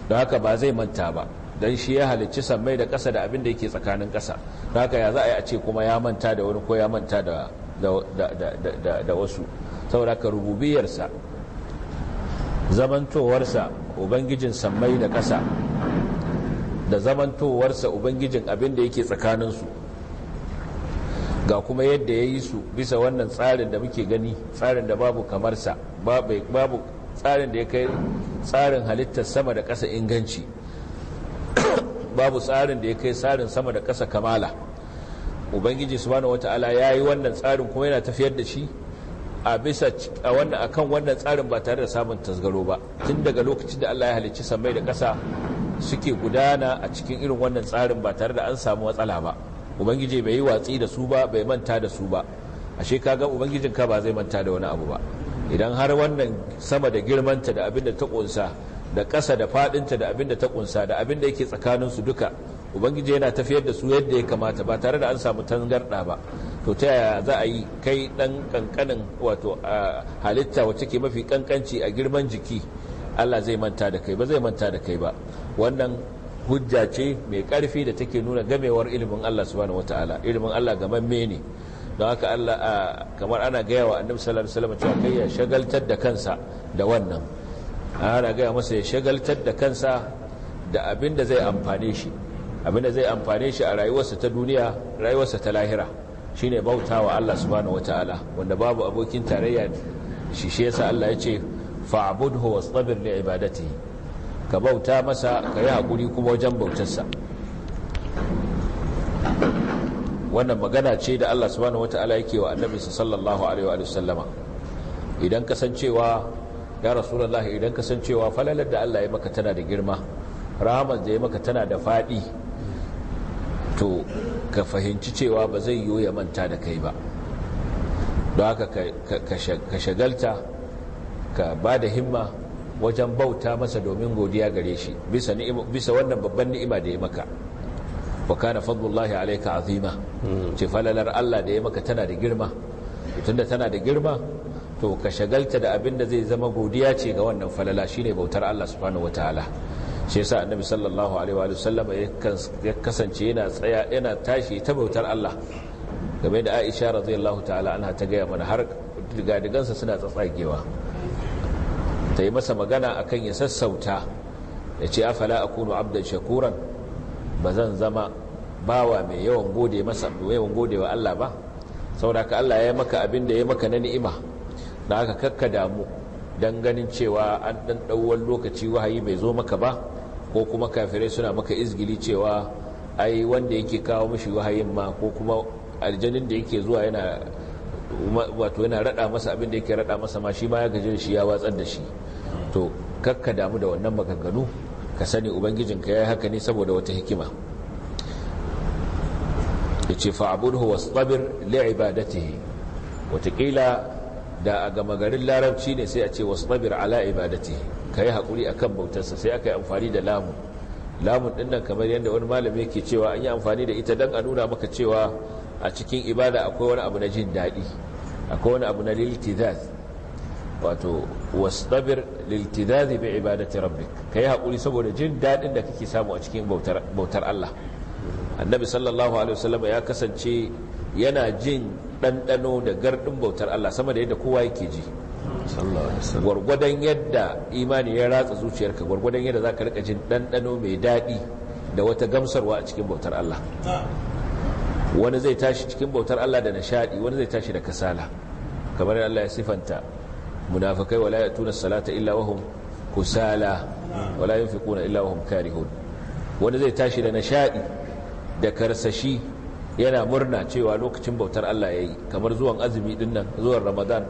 [SPEAKER 1] don haka ba zai manta ba don shi ya halicci sammai da ƙasa da abin da ke tsakanin ƙasa don haka ya za a yi a ce kuma ya manta da wani ko ya manta da wasu saboda haka rububiyarsa zamantowarsa ubangijin sammai da ƙasa da zamantowarsa ubangijin abin da yake tsakaninsu ga kuma yadda ya yi su bisa wannan tsarin da muke gani tsarin da babu kamarsa babu tsarin da ya kai tsarin halittar sama da ƙasa inganci babu tsarin da ya kai tsarin sama da ƙasa kamala ubangiji subhanahu wata'ala ya yi wannan tsarin kuma yana tafiyar da shi a bisa a wannan akan wannan tsarin ba tare da samun tasgaro ba tun daga lokacin da Allah ya halicci samai da ƙasa suke gudana a cikin irin wannan tsarin ba tare da an samu matsala ba ubangiji bai yi watsi da su ba bai manta da su ba ashe kaga ubangijin ka ba zai manta da wani abu ba idan har wannan sama da girmanta da abin da ta kunsa da ƙasa da faɗinta da abin da ta kunsa da abin da yake tsakanin su duka ubangiji yana tafiyar da su yadda ya kamata ba tare da an samu tangarɗa ba to ta yaya za a yi kai ɗan ƙanƙanin wato halitta wacce ke mafi ƙanƙanci a girman jiki allah zai manta da kai ba zai manta da kai ba wannan hujja ce mai karfi da take nuna gamewar ilimin Allah subhanahu wataala ilimin Allah gamamme ne don haka Allah kamar ana gaya wa annabi sallallahu alaihi wasallam cewa kai ya shagaltar da kansa da wannan ana gaya masa ya shagaltar da kansa da abin da zai amfane shi abin da zai amfane shi a rayuwarsa ta duniya rayuwarsa ta lahira shine bautawa Allah subhanahu wataala wanda babu abokin tarayya shi shi yasa Allah ya ce fa'budhu wastabir li ibadatihi ka bauta masa ka yi haƙuri kuma wajen bautarsa wannan magana ce da Allah subhanahu wata'ala yake wa annabi sallallahu alaihi wa sallama idan kasancewa ya rasulallah idan kasancewa falalar da Allah ya maka tana da girma rahamar da ya maka tana da faɗi to ka fahimci cewa ba zai yiwu ya manta da kai ba don haka ka shagalta ka ba da himma wajen bauta masa domin godiya gare shi bisa wannan babban ni'ima da ya maka wa kana fadlullahi alayka azima hmm. ce falalar Allah da ya maka tana da girma tunda tana da girma to ka shagalta da abin da zai zama godiya ce ga wannan falala shine bautar Allah subhanahu wataala shi yasa annabi sallallahu alaihi wa sallam ya kasance yana tsaya yana tashi ta bautar Allah game da Aisha radiyallahu ta'ala anha ta gaya mana har gadigansa suna tsatsagewa ta yi masa magana akan ya sassauta ya ce afala kunu abdan shakuran ba zan zama bawa mai yawan gode masa yawan gode wa Allah ba saboda ka Allah ya yi maka abin da ya yi maka na ni'ima da aka kakka damu don ganin cewa an ɗan ɗauwan lokaci wahayi bai zo maka ba ko kuma kafirai suna maka izgili cewa ai wanda yake kawo mashi wahayin ma ko kuma aljanin da yake zuwa yana wato yana rada masa abin da yake rada masa ma shi ma ya gaji shi ya watsar da shi to kakka damu da wannan maganganu ka sani ubangijin ya yi haka ne saboda wata hikima ya ce fa'abudhu wastabir li'ibadatihi watakila da a gama garin larabci ne sai a ce wastabir ala ibadatihi kai hakuri akan bautarsa sai aka yi amfani da lamu lamun din nan kamar yadda wani malami yake cewa an yi amfani da ita dan a nuna maka cewa a cikin ibada akwai wani abu na jin daɗi akwai wani abu na liltizaz wato wasdabir liltizaz bi ibadati rabbik kai hakuri saboda jin daɗin da kake samu a cikin bautar Allah annabi sallallahu alaihi wasallam ya kasance yana jin ɗanɗano da gardin bautar Allah sama da yadda kowa yake ji gwargwadon yadda imani ya ratsa zuciyarka gwargwadon yadda za ka rika jin ɗanɗano mai daɗi da wata gamsarwa a cikin bautar Allah wani zai tashi cikin bautar Allah da nishadi wani zai tashi da kasala kamar Allah ya sifanta munafikai wala yatuna salata illa wahum kusala wala yunfiquna illa wahum karihun wani zai tashi da nishadi da karsashi yana murna cewa lokacin bautar Allah yayi kamar zuwan azumi din nan zuwan Ramadan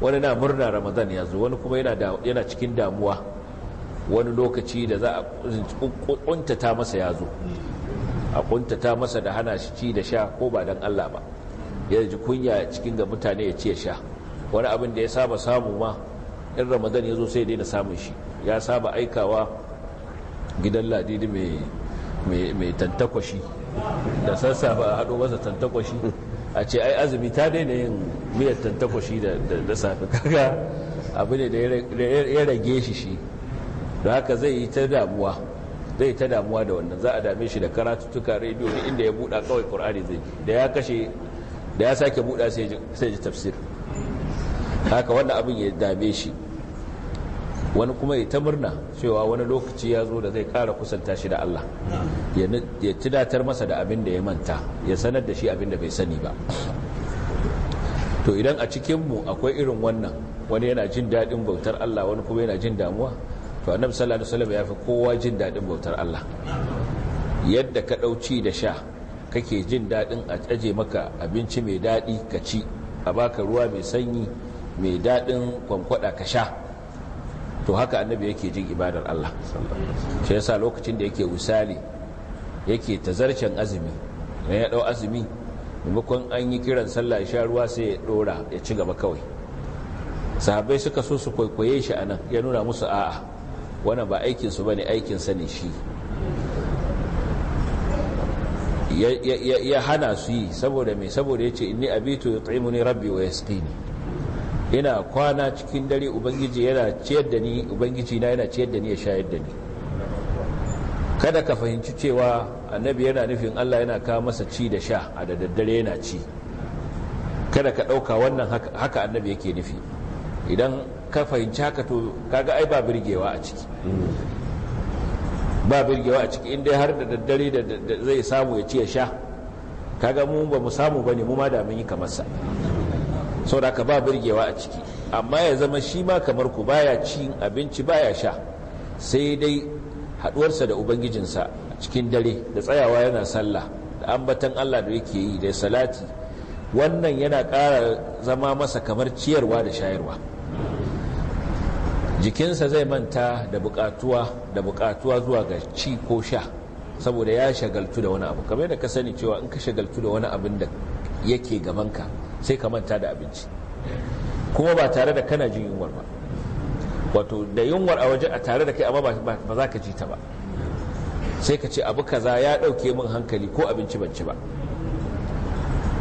[SPEAKER 1] wani na murna Ramadan ya zo wani kuma yana yana cikin damuwa wani lokaci da za a kuntata masa ya zo a ta masa da hana shi ci da sha ko ba dan Allah ba ya ji kunya cikin ga mutane ya ci ya sha wani abin da ya saba samu ma in ramadan ya zo sai daina samun shi ya saba aikawa gidan ladidi mai tantakwashi da sassa ba a haɗo masa tantakwashi a ce ai azumi ta daina yin miyar tantakwashi da safi kaga abu ne da ya rage shi shi da haka zai yi ta damuwa zai ta damuwa da wannan za a dame shi da karatuttuka rediyo inda ya buɗa kawai ƙur'ani zai da ya kashe da ya sake buɗa sai ji tafsir haka wannan abin ya dame shi wani kuma ya ta murna cewa wani lokaci ya zo da zai kara kusanta shi da Allah ya tunatar masa da abin da ya manta ya sanar da shi abin da bai sani ba to idan a cikinmu akwai irin wannan wani yana jin daɗin bautar Allah wani kuma yana jin damuwa to annabi sallallahu alaihi wasallam ya fi kowa jin daɗin bautar Allah yadda ka dauci da sha kake jin daɗin a aje maka abinci mai daɗi ka ci a baka ruwa mai sanyi mai daɗin kwankwada ka sha to haka annabi yake jin ibadar Allah shi yasa lokacin da yake wisali yake tazarcen azumi ne ya dau azumi maimakon an yi kiran sallah ya sha ruwa sai ya ɗora ya ci gaba kawai sahabbai suka so su kwaikwaye shi anan ya nuna musu a'a wannan ba aikinsu ba ne aikinsa ne shi ya hana su yi saboda mai saboda ya ce inni abitu ya rabbi wa yasqini ina kwana cikin dare ubangiji yana ciyar da ni ubangiji na yana ciyar da ni ya shayar da ni kada ka fahimci cewa annabi yana nufin allah yana kawo masa ci da sha a da daddare yana ci kada ka ɗauka wannan haka annabi yake nufi idan ka fahimci haka to kaga ai ba birgewa a ciki ba birgewa a ciki inda har da daddare da zai samu ya ci ya sha kaga mu ba mu samu ba ne mu ma da mun yi kamar sa saboda ka ba birgewa a ciki amma ya zama shi ma kamar ku baya ci abinci baya sha sai dai haduwarsa da ubangijinsa cikin dare da tsayawa yana sallah da ambatan Allah da yake yi da salati wannan yana ƙara zama masa kamar ciyarwa da shayarwa jikinsa zai manta da bukatuwa da bukatuwa zuwa ga ci ko sha saboda ya shagaltu da wani abu kamar da ka sani cewa in ka shagaltu da wani abin da yake gabanka sai ka manta da abinci kuma ba tare da kana jin yunwar ba wato da yunwar a waje a tare da kai amma ba za ka ji ta ba sai ka ce abu kaza ya dauke min hankali ko abinci ban ci ba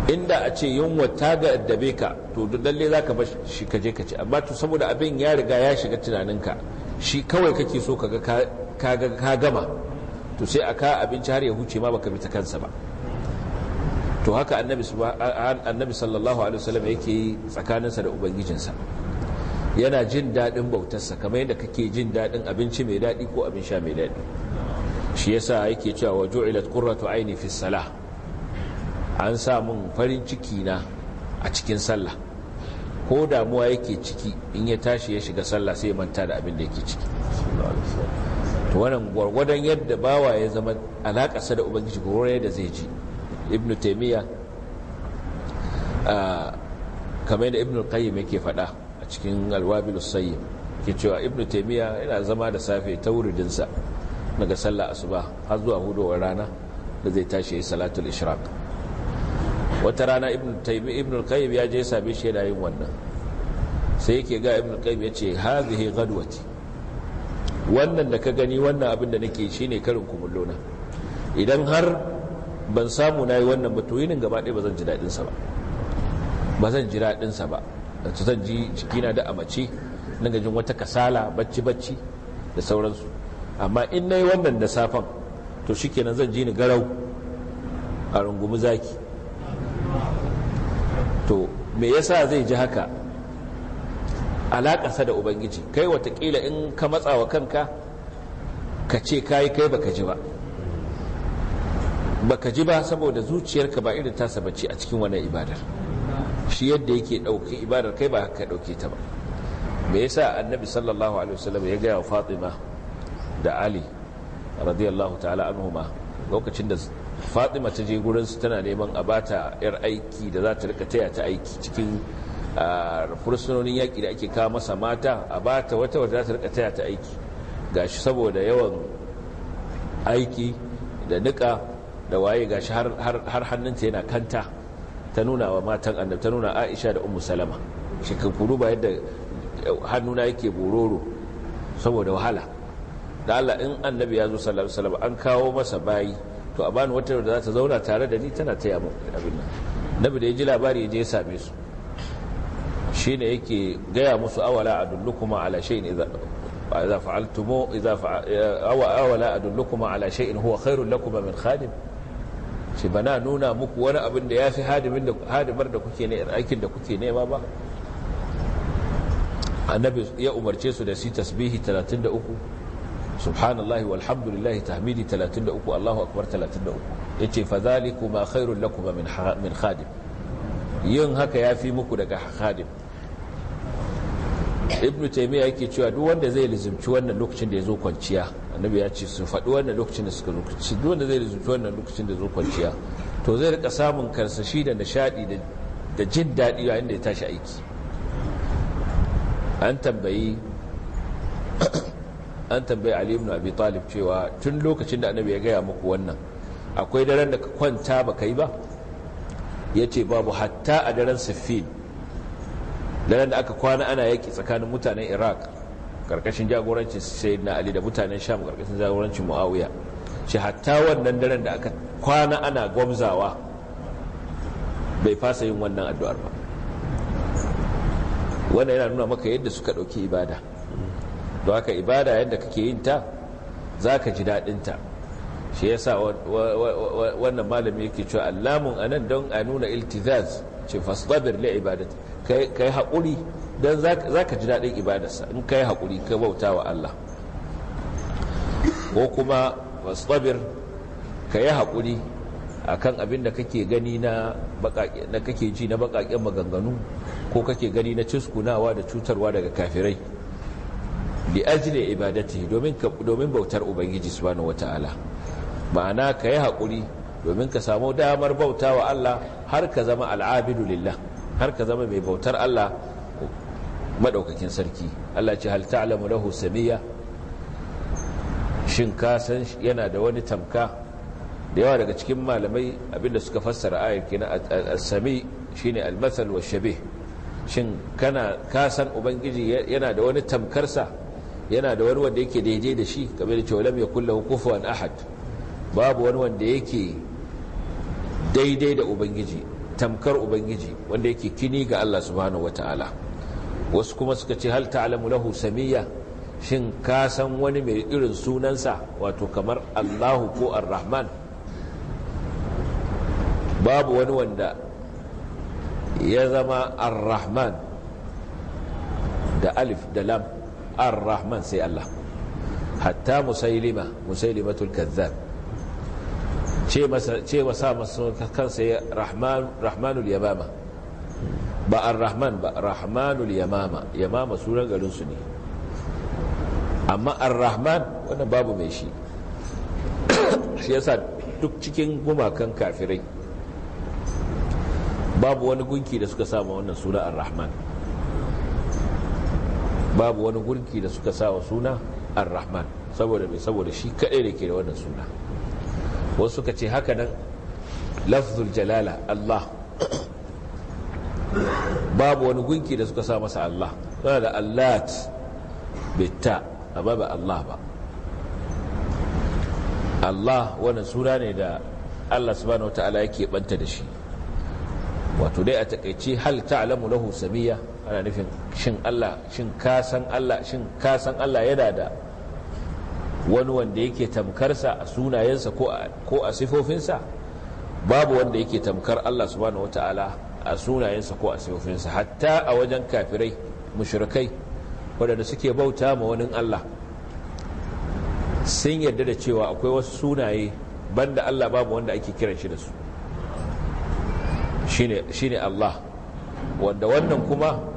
[SPEAKER 1] inda a ce yunwa ta da addabe ka to lalle za ka shi kaje je ka ci amma to saboda abin ya riga ya shiga tunaninka shi kawai kake so ka ga ka gama to sai aka abinci har ya huce ma baka bi ta kansa ba to haka annabi sallallahu alaihi wasallam yake yi tsakaninsa da ubangijinsa yana jin daɗin bautarsa kamar yadda kake jin daɗin abinci mai daɗi ko abin sha mai daɗi shi yasa yake cewa wa ju'ilat qurratu aini fi salah an sa mun farin ciki na a cikin sallah ko damuwa yake ciki in ya tashi ya shiga sallah sai ya manta da abin da yake ciki to wannan gwargwadon yadda bawa ya zama alakasa da ubangiji gwargwadon yadda zai ji ibn taimiyya ah, kamar da ibn qayyim yake faɗa a cikin alwabilus sayyid ke cewa ibn taimiyya yana zama da safe ta wuridinsa daga sallah asuba har zuwa hudowar rana da zai tashi ya salatul ishraq wata rana ibn taymi qayyim ya je same shi yana yin wannan sai yake ga ibn qayyim ya ce hadhihi gadwati wannan da ka gani wannan abin da nake shine karin kumullo na idan har ban samu na yi wannan ba gaba ɗaya ba zan ji daɗinsa ba ba zan ji daɗinsa ba ba su zan ji cikina da amace na gajin wata kasala bacci bacci da sauransu amma in na yi wannan da safan to shi shikenan zan ji ni garau a rungumi zaki to me yasa zai ji haka alaƙasa da ubangiji kai watakila in ka matsa wa kanka ka ce kayi kai baka ji ba baka ji ba saboda zuciyarka ba irin tasa sabace a cikin wannan ibadar shi yadda yake ɗauki ibadar kai ba ka ɗauke ta ba me yasa annabi sallallahu alaihi wasallam ya gaya wa fatima da ali radiyallahu ta'ala anhuma lokacin da fatima ta je gurinsu tana neman a bata yar aiki da za ta rika taya ta aiki cikin fursunonin yaƙi da ake kawo masa mata a bata wata wata za ta rika taya ta aiki gashi saboda yawan aiki da nika da waye gashi har hannunta yana kanta ta nuna wa matan annab ta nuna aisha da umu salama shekaru ba yadda hannuna yake bororo saboda wahala da Allah in annabi ya zo sallallahu alaihi an kawo masa bayi to a bani wata da za ta zauna tare da ni tana ta yi abin nan nabi da ya ji labari ya je ya same su shi ne yake gaya musu awala a dullukuma ala shayin idza fa'altumu idza awala a dullukuma ala shayin huwa khairul lakuma min khadim shi bana nuna muku wani abin da ya fi hadimar da kuke ne aikin da kuke nema ba annabi ya umarce su da su tasbihi 33 subhanallahi walhamdulillahi tahmidi 33 Allahu akbar 33 yace fa ma khairul lakum min min khadim yin haka yafi muku daga khadim ibnu taymiya yake cewa duk wanda zai lizumci wannan lokacin da yazo kwanciya annabi ya ce su faɗi wannan lokacin da suka lokaci duk wanda zai lizumci wannan lokacin da yazo kwanciya to zai rika samun karsashi da nishadi da da jin daɗi yayin da ya tashi aiki an tambayi an tambaye ali ibn abi talib cewa tun lokacin da annabi ya gaya muku wannan akwai daren da ka kwanta ba yi ba yace babu hatta a daren siffin daren da aka kwana ana yaki tsakanin mutanen iraq karkashin jagorancin na ali da mutanen sham karkashin jagorancin muawiya shi hatta wannan daren da aka kwana ana gwamzawa bai fasa yin wannan addu'ar ba wannan yana nuna maka yadda suka ɗauki ibada don haka ibada yadda kake yin ta za ka ji daɗinta shi ya sa wannan malami yake cewa allamun a nan don a nuna iltizaz ce fasdabir le ibadat ka yi haƙuri don za ka ji daɗin ibadarsa in ka yi haƙuri ka bauta wa Allah ko kuma fasdabir ka yi haƙuri a kan abin da kake gani na kake ji na baƙaƙen maganganu ko kake gani na ciskunawa da cutarwa daga kafirai li ajli ibadatihi domin ka domin bautar ubangiji subhanahu wataala ma'ana ka yi hakuri domin ka samu damar bautawa Allah har ka zama al'abidu lillah har ka zama mai bautar Allah madaukakin sarki Allah ce hal ta'lamu lahu samiyya shin ka san yana da wani tamka da yawa daga cikin malamai abinda suka fassara ayar kina as sami shine al-masal wa shabih shin kana ka san ubangiji yana da wani tamkarsa yana da wani wanda yake daidai da shi kamar da cewa ya kulla lahu kufuwan ahad babu wani wanda yake daidai da ubangiji tamkar ubangiji wanda yake kini ga Allah subhanahu wataala wasu kuma suka ce hal ta'lamu lahu samiyya shin ka san wani mai irin sunansa wato kamar Allahu ko Ar-Rahman babu wani wanda ya zama Ar-Rahman da alif da lam ar-rahman sai Allah hatta musailima musailimatul kazzab ce masa ce wasa masa kansa rahman rahmanul yamama ba ar-rahman ba rahmanul yamama yamama sunan garin su ne amma ar-rahman wannan babu mai shi shi yasa duk cikin gumakan kafirai babu wani gunki da suka samu wannan sura ar-rahman babu wani gurki da suka sa wa suna ar-rahman saboda mai saboda shi kaɗai da ke da wannan suna wasu ka ce haka nan lafzul jalala allah babu wani gunki da suka sa masa allah suna da allat bitta amma ba allah ba allah wannan suna ne da allah subhanahu wa ta'ala yake banta da shi wato dai a takaice hal ta'lamu lahu samiyya ana nufin shin Allah shin kasan Allah shin kasan Allah yana da wani wanda yake tamkarsa a sunayensa ko a sifofinsa babu wanda yake tamkar Allah subhanahu wataala a sunayensa ko a sifofinsa hatta a wajen kafirai mushrikai waɗanda suke bauta ma wani Allah sun yarda da cewa akwai wasu sunaye banda Allah babu wanda ake kiran shi da su shine Allah wanda wannan kuma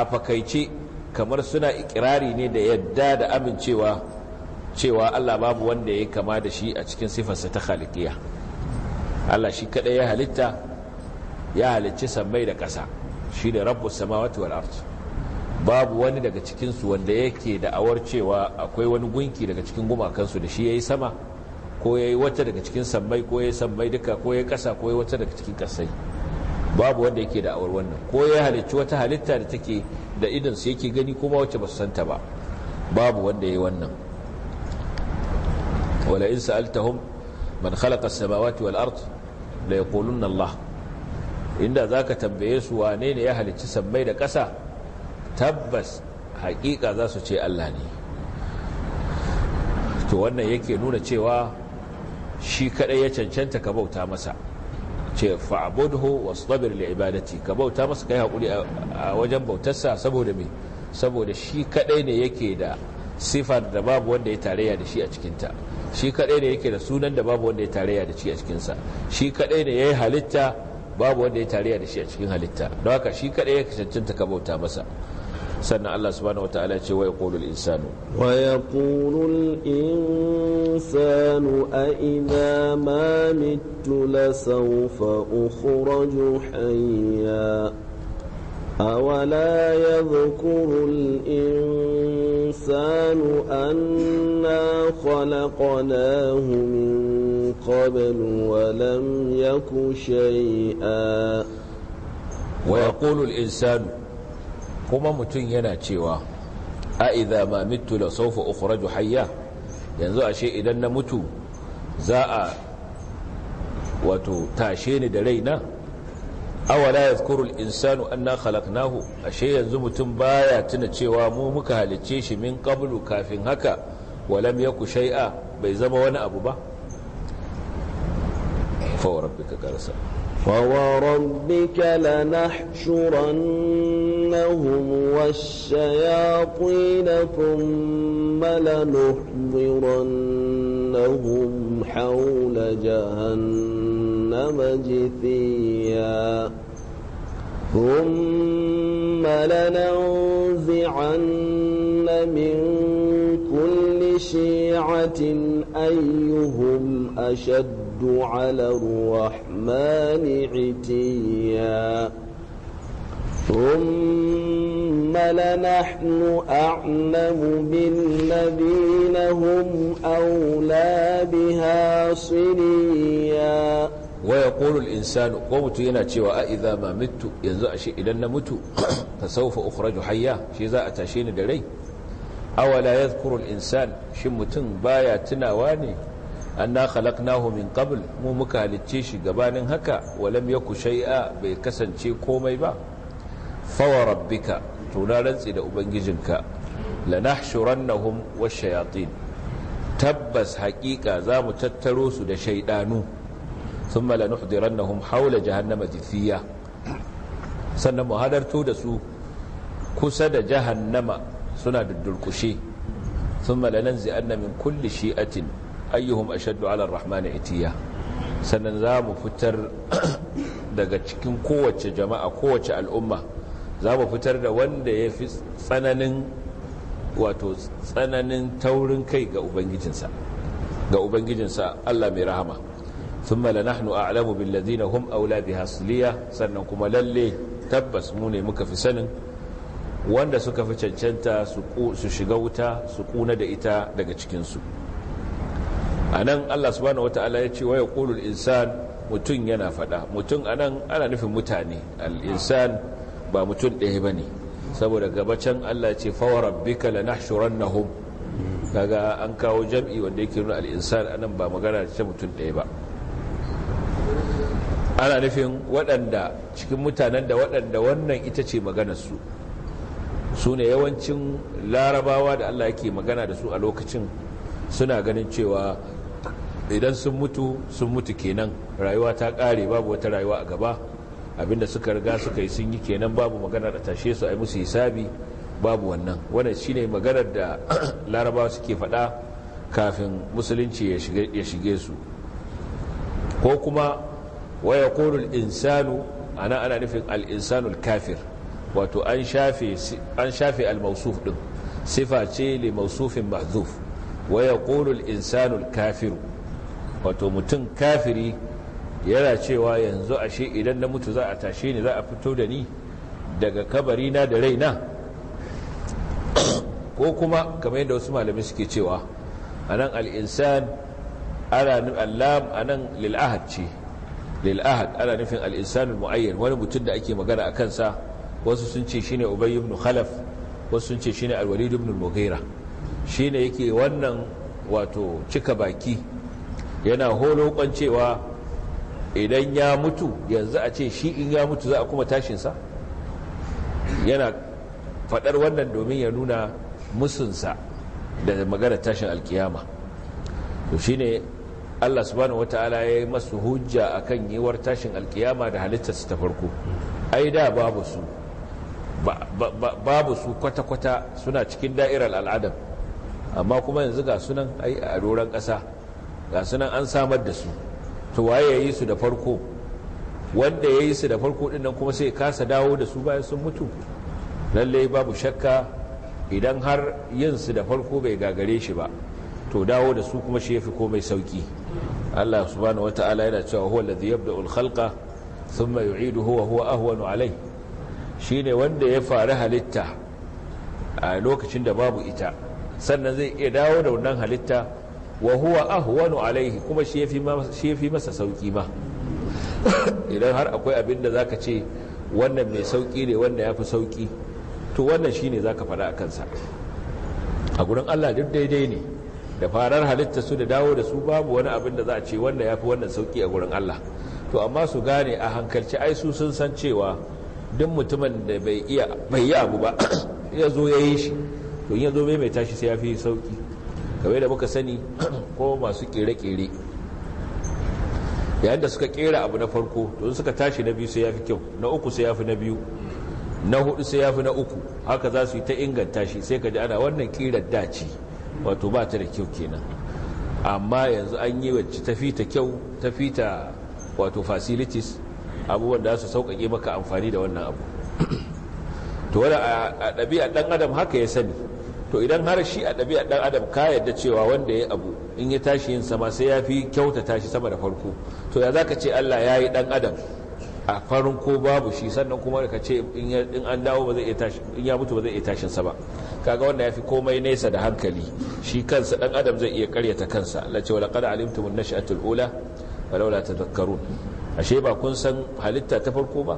[SPEAKER 1] a fakaice kamar suna ikirari ne da yadda da amincewa cewa Allah babu wanda ya kama da shi a cikin sifarsa ta halittiya Allah shi kadai ya halitta ya halicci sammai da ƙasa shi da rabbus samawati wal ard babu wani daga cikin wanda yake da awar cewa akwai wani gunki daga cikin gumakansu da shi yayi sama ko yayi wata daga cikin sammai ko yayi sammai duka ko yayi ƙasa ko yayi wata daga cikin ƙasai babu wanda yake da awar wannan ko ya halicci wata halitta da take da idansu yake gani kuma wacce ba su santa ba babu wanda ya yi wannan wala in sa'altahum man khalaqa as-samawati wal ard la yaquluna Allah inda zaka tambaye su wane ne ya halicci sammai da ƙasa tabbas hakika za su ce Allah ne to wannan yake nuna cewa shi kadai ya cancanta ka bauta masa ce fa'budhu wastabir li ibadati ka bauta masa kai hakuri a wajen bautarsa saboda me saboda shi kadai ne yake da sifar da babu wanda ya tarayya da shi a cikinta shi kadai ne yake da sunan da babu wanda ya tarayya da shi a cikinsa shi kadai ne yayi halitta babu wanda ya tarayya da shi a cikin halitta don haka shi kadai ya ta ka bauta masa sannan Allah subhanahu wataala ce wa yaqulu al-insanu
[SPEAKER 2] wa yaqulu al-insanu a idza ma mittu la sawfa ukhraju hayya أولا يذكر الإنسان أنا خلقناه من قبل ولم يك شيئا
[SPEAKER 1] ويقول الإنسان kuma mutum yana cewa a idza ma mitu la sawfa ukhraju hayya yanzu ashe idan na mutu za a wato tashe ni da raina awala yadhkuru al-insanu anna khalaqnahu ashe yanzu mutum baya tuna cewa mu muka halicce shi min qablu kafin haka walam yaku shay'a bai zama wani abu ba
[SPEAKER 2] fa rabbika karsa فوربك لنحشرنهم والشياطين ثم لنحضرنهم حول جهنم جثيا ثم لننزعن من كل شيعة أيهم أشد يرد على الرحمن عتيا ثم لنحن أعلم بالذين هم أولى بها صليا
[SPEAKER 1] ويقول الإنسان قوت يناتي إذا ما مت ينزع شيء إذا نمت فسوف أخرج حيا شيء ذا أتشين للي أولا يذكر الإنسان شمتن بايا تناواني anna khalaqnahu min qabl mu muka halicce shi gabanin haka walam yaku shay'a bai kasance komai ba fawa rabbika to na rantsi da ubangijinka lanahshurannahum wash-shayatin tabbas haƙiƙa za mu tattaro su da shaidanu thumma lanuhdirannahum hawla jahannama jithiya sannan mu hadarto da su kusa da jahannama suna duddurkushe thumma lananzi anna min kulli shi'atin ayyuhum ashaddu ala ar-rahman itiya sannan za mu fitar daga cikin kowace jama'a kowace al'umma za mu fitar da wanda ya fi tsananin wato tsananin taurin kai ga ubangijinsa ga ubangijinsa Allah mai rahama thumma nahnu a'lamu bil ladina hum aula biha siliya sannan kuma lalle tabbas mu ne muka fi sanin wanda suka fi cancanta su shiga wuta su kuna da ita daga cikinsu. a nan allah subhanahu ta'ala ya ce waya ƙulul insan mutum yana faɗa mutum a nan ana nufin mutane al'insan ba mutum ɗaya ba ne saboda gabacin allah ce fawarar bika la nahshuran kaga an kawo jam'i wanda yake nuna al'insan a nan ba magana ce mutum ɗaya ba ana nufin waɗanda cikin mutanen da waɗanda wannan ita ce maganarsu su ne yawancin larabawa da allah yake magana da su a lokacin suna ganin cewa idan sun mutu sun mutu kenan rayuwa ta kare babu wata rayuwa a gaba abinda suka riga suka yi sun yi kenan babu maganar da tashe su a yi musu hisabi babu wannan wannan shine maganar da larabawa suke faɗa kafin musulunci ya shige su ko kuma waya kolul insanu ana ana nufin al'insanul kafir wato an shafe al-mausuf ɗin sifa ce li mausufin mahzuf waya kolul insanul kafiru wato mutum kafiri yana cewa yanzu ashe idan na mutu za a tashe ni za a fito da ni daga kabarina da raina ko kuma kamar yadda wasu malamai suke cewa a nan al'insan ana nufin allam a nan lil'ahad ce lil'ahad ana nufin al'insanin mu'ayyan wani mutum da ake magana a kansa wasu sun ce shi ne ubayi ibn khalaf wasu sun ce shi ne alwalid ibn mughira shi ne yake wannan wato cika baki yana holokon cewa idan ya mutu yanzu a ce shi in ya mutu za a kuma tashinsa yana faɗar wannan domin ya nuna musunsa da magana tashin alkiyama to shi ne allah subhanahu wata'ala ya yi masu hujja a kan yiwuwar tashin alkiyama da halittarsu ta farko ai da babu su babu su kwata-kwata suna cikin da'irar al'adam amma kuma yanzu ga sunan ai a doron ƙasa ga sunan an samar da su to waye yayi su da farko wanda yayi su da farko dinnan kuma sai kasa dawo da su bayan sun mutu lallai babu shakka idan har yin su da farko bai gagare shi ba to dawo da su kuma shi ya komai sauki allah subhanahu wata'ala yana cewa huwa alladhi yabda'u al-khalqa thumma yu'iduhu wa huwa ahwanu alayh shine wanda ya fara halitta a lokacin da babu ita sannan zai iya dawo da wannan halitta wa huwa ahwanu alaihi kuma shi yafi masa sauki ma idan har akwai abin da zaka ce wannan mai sauki ne wanda yafi sauki to wannan shine zaka fada a kansa a gurin Allah duk daidai ne da farar halitta su da dawo da su babu wani abin da za a ce wanda yafi wannan sauki a gurin Allah to amma su gane a hankalci ai su sun san cewa duk mutumin da bai iya bai yi abu ba ya zo ya yi shi to in ya zo bai mai tashi sai ya fi sauki kamar da muka sani ko masu kere-kere yayin da suka kera abu na farko don suka tashi na biyu sai ya fi kyau na uku sai ya fi na biyu na hudu sai ya fi na uku haka za su yi ta inganta shi sai ka ji ana wannan kirar daci wato ba ta da kyau kenan amma yanzu an yi wacce tafi ta kyau tafi ta wato facilities abubuwan da su sauƙaƙe maka amfani da wannan abu to wani a ɗabi'a ɗan adam haka ya sani to idan har shi a ɗabi'a ɗan adam ka yadda cewa wanda ya abu in ya tashi yin sama sai ya fi kyautata shi sama da farko to ya zaka ce Allah ya yi ɗan adam a farin ko babu shi sannan kuma ka ce in an dawo ba zai in ya mutu ba zai iya tashin ba kaga wanda ya fi komai nesa da hankali shi kansa ɗan adam zai iya karyata kansa la ce wala qad alimtum an-nash'atul ula walau ta zakaru ashe ba kun san halitta ta farko ba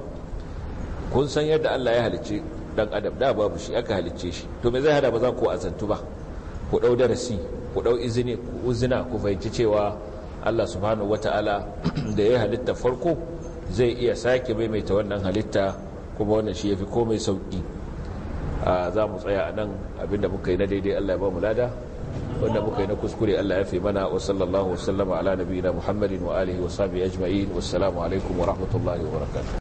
[SPEAKER 1] kun san yadda Allah ya halicce dan adam da babu shi aka halicce shi to me zai hada ba za ku azantu ba ku dau darasi ku dau izini ku uzina ku fahimci cewa Allah subhanahu wataala da ya halitta farko zai iya sake maimaita wannan halitta kuma wannan shi yafi komai sauki za mu tsaya a nan abinda muka yi na daidai Allah ya ba mu lada wanda muka yi na kuskure Allah ya fi mana wa sallallahu wasallama ala nabiyina Muhammadin wa alihi wa sahbihi ajma'in wassalamu alaikum wa rahmatullahi wa barakatuh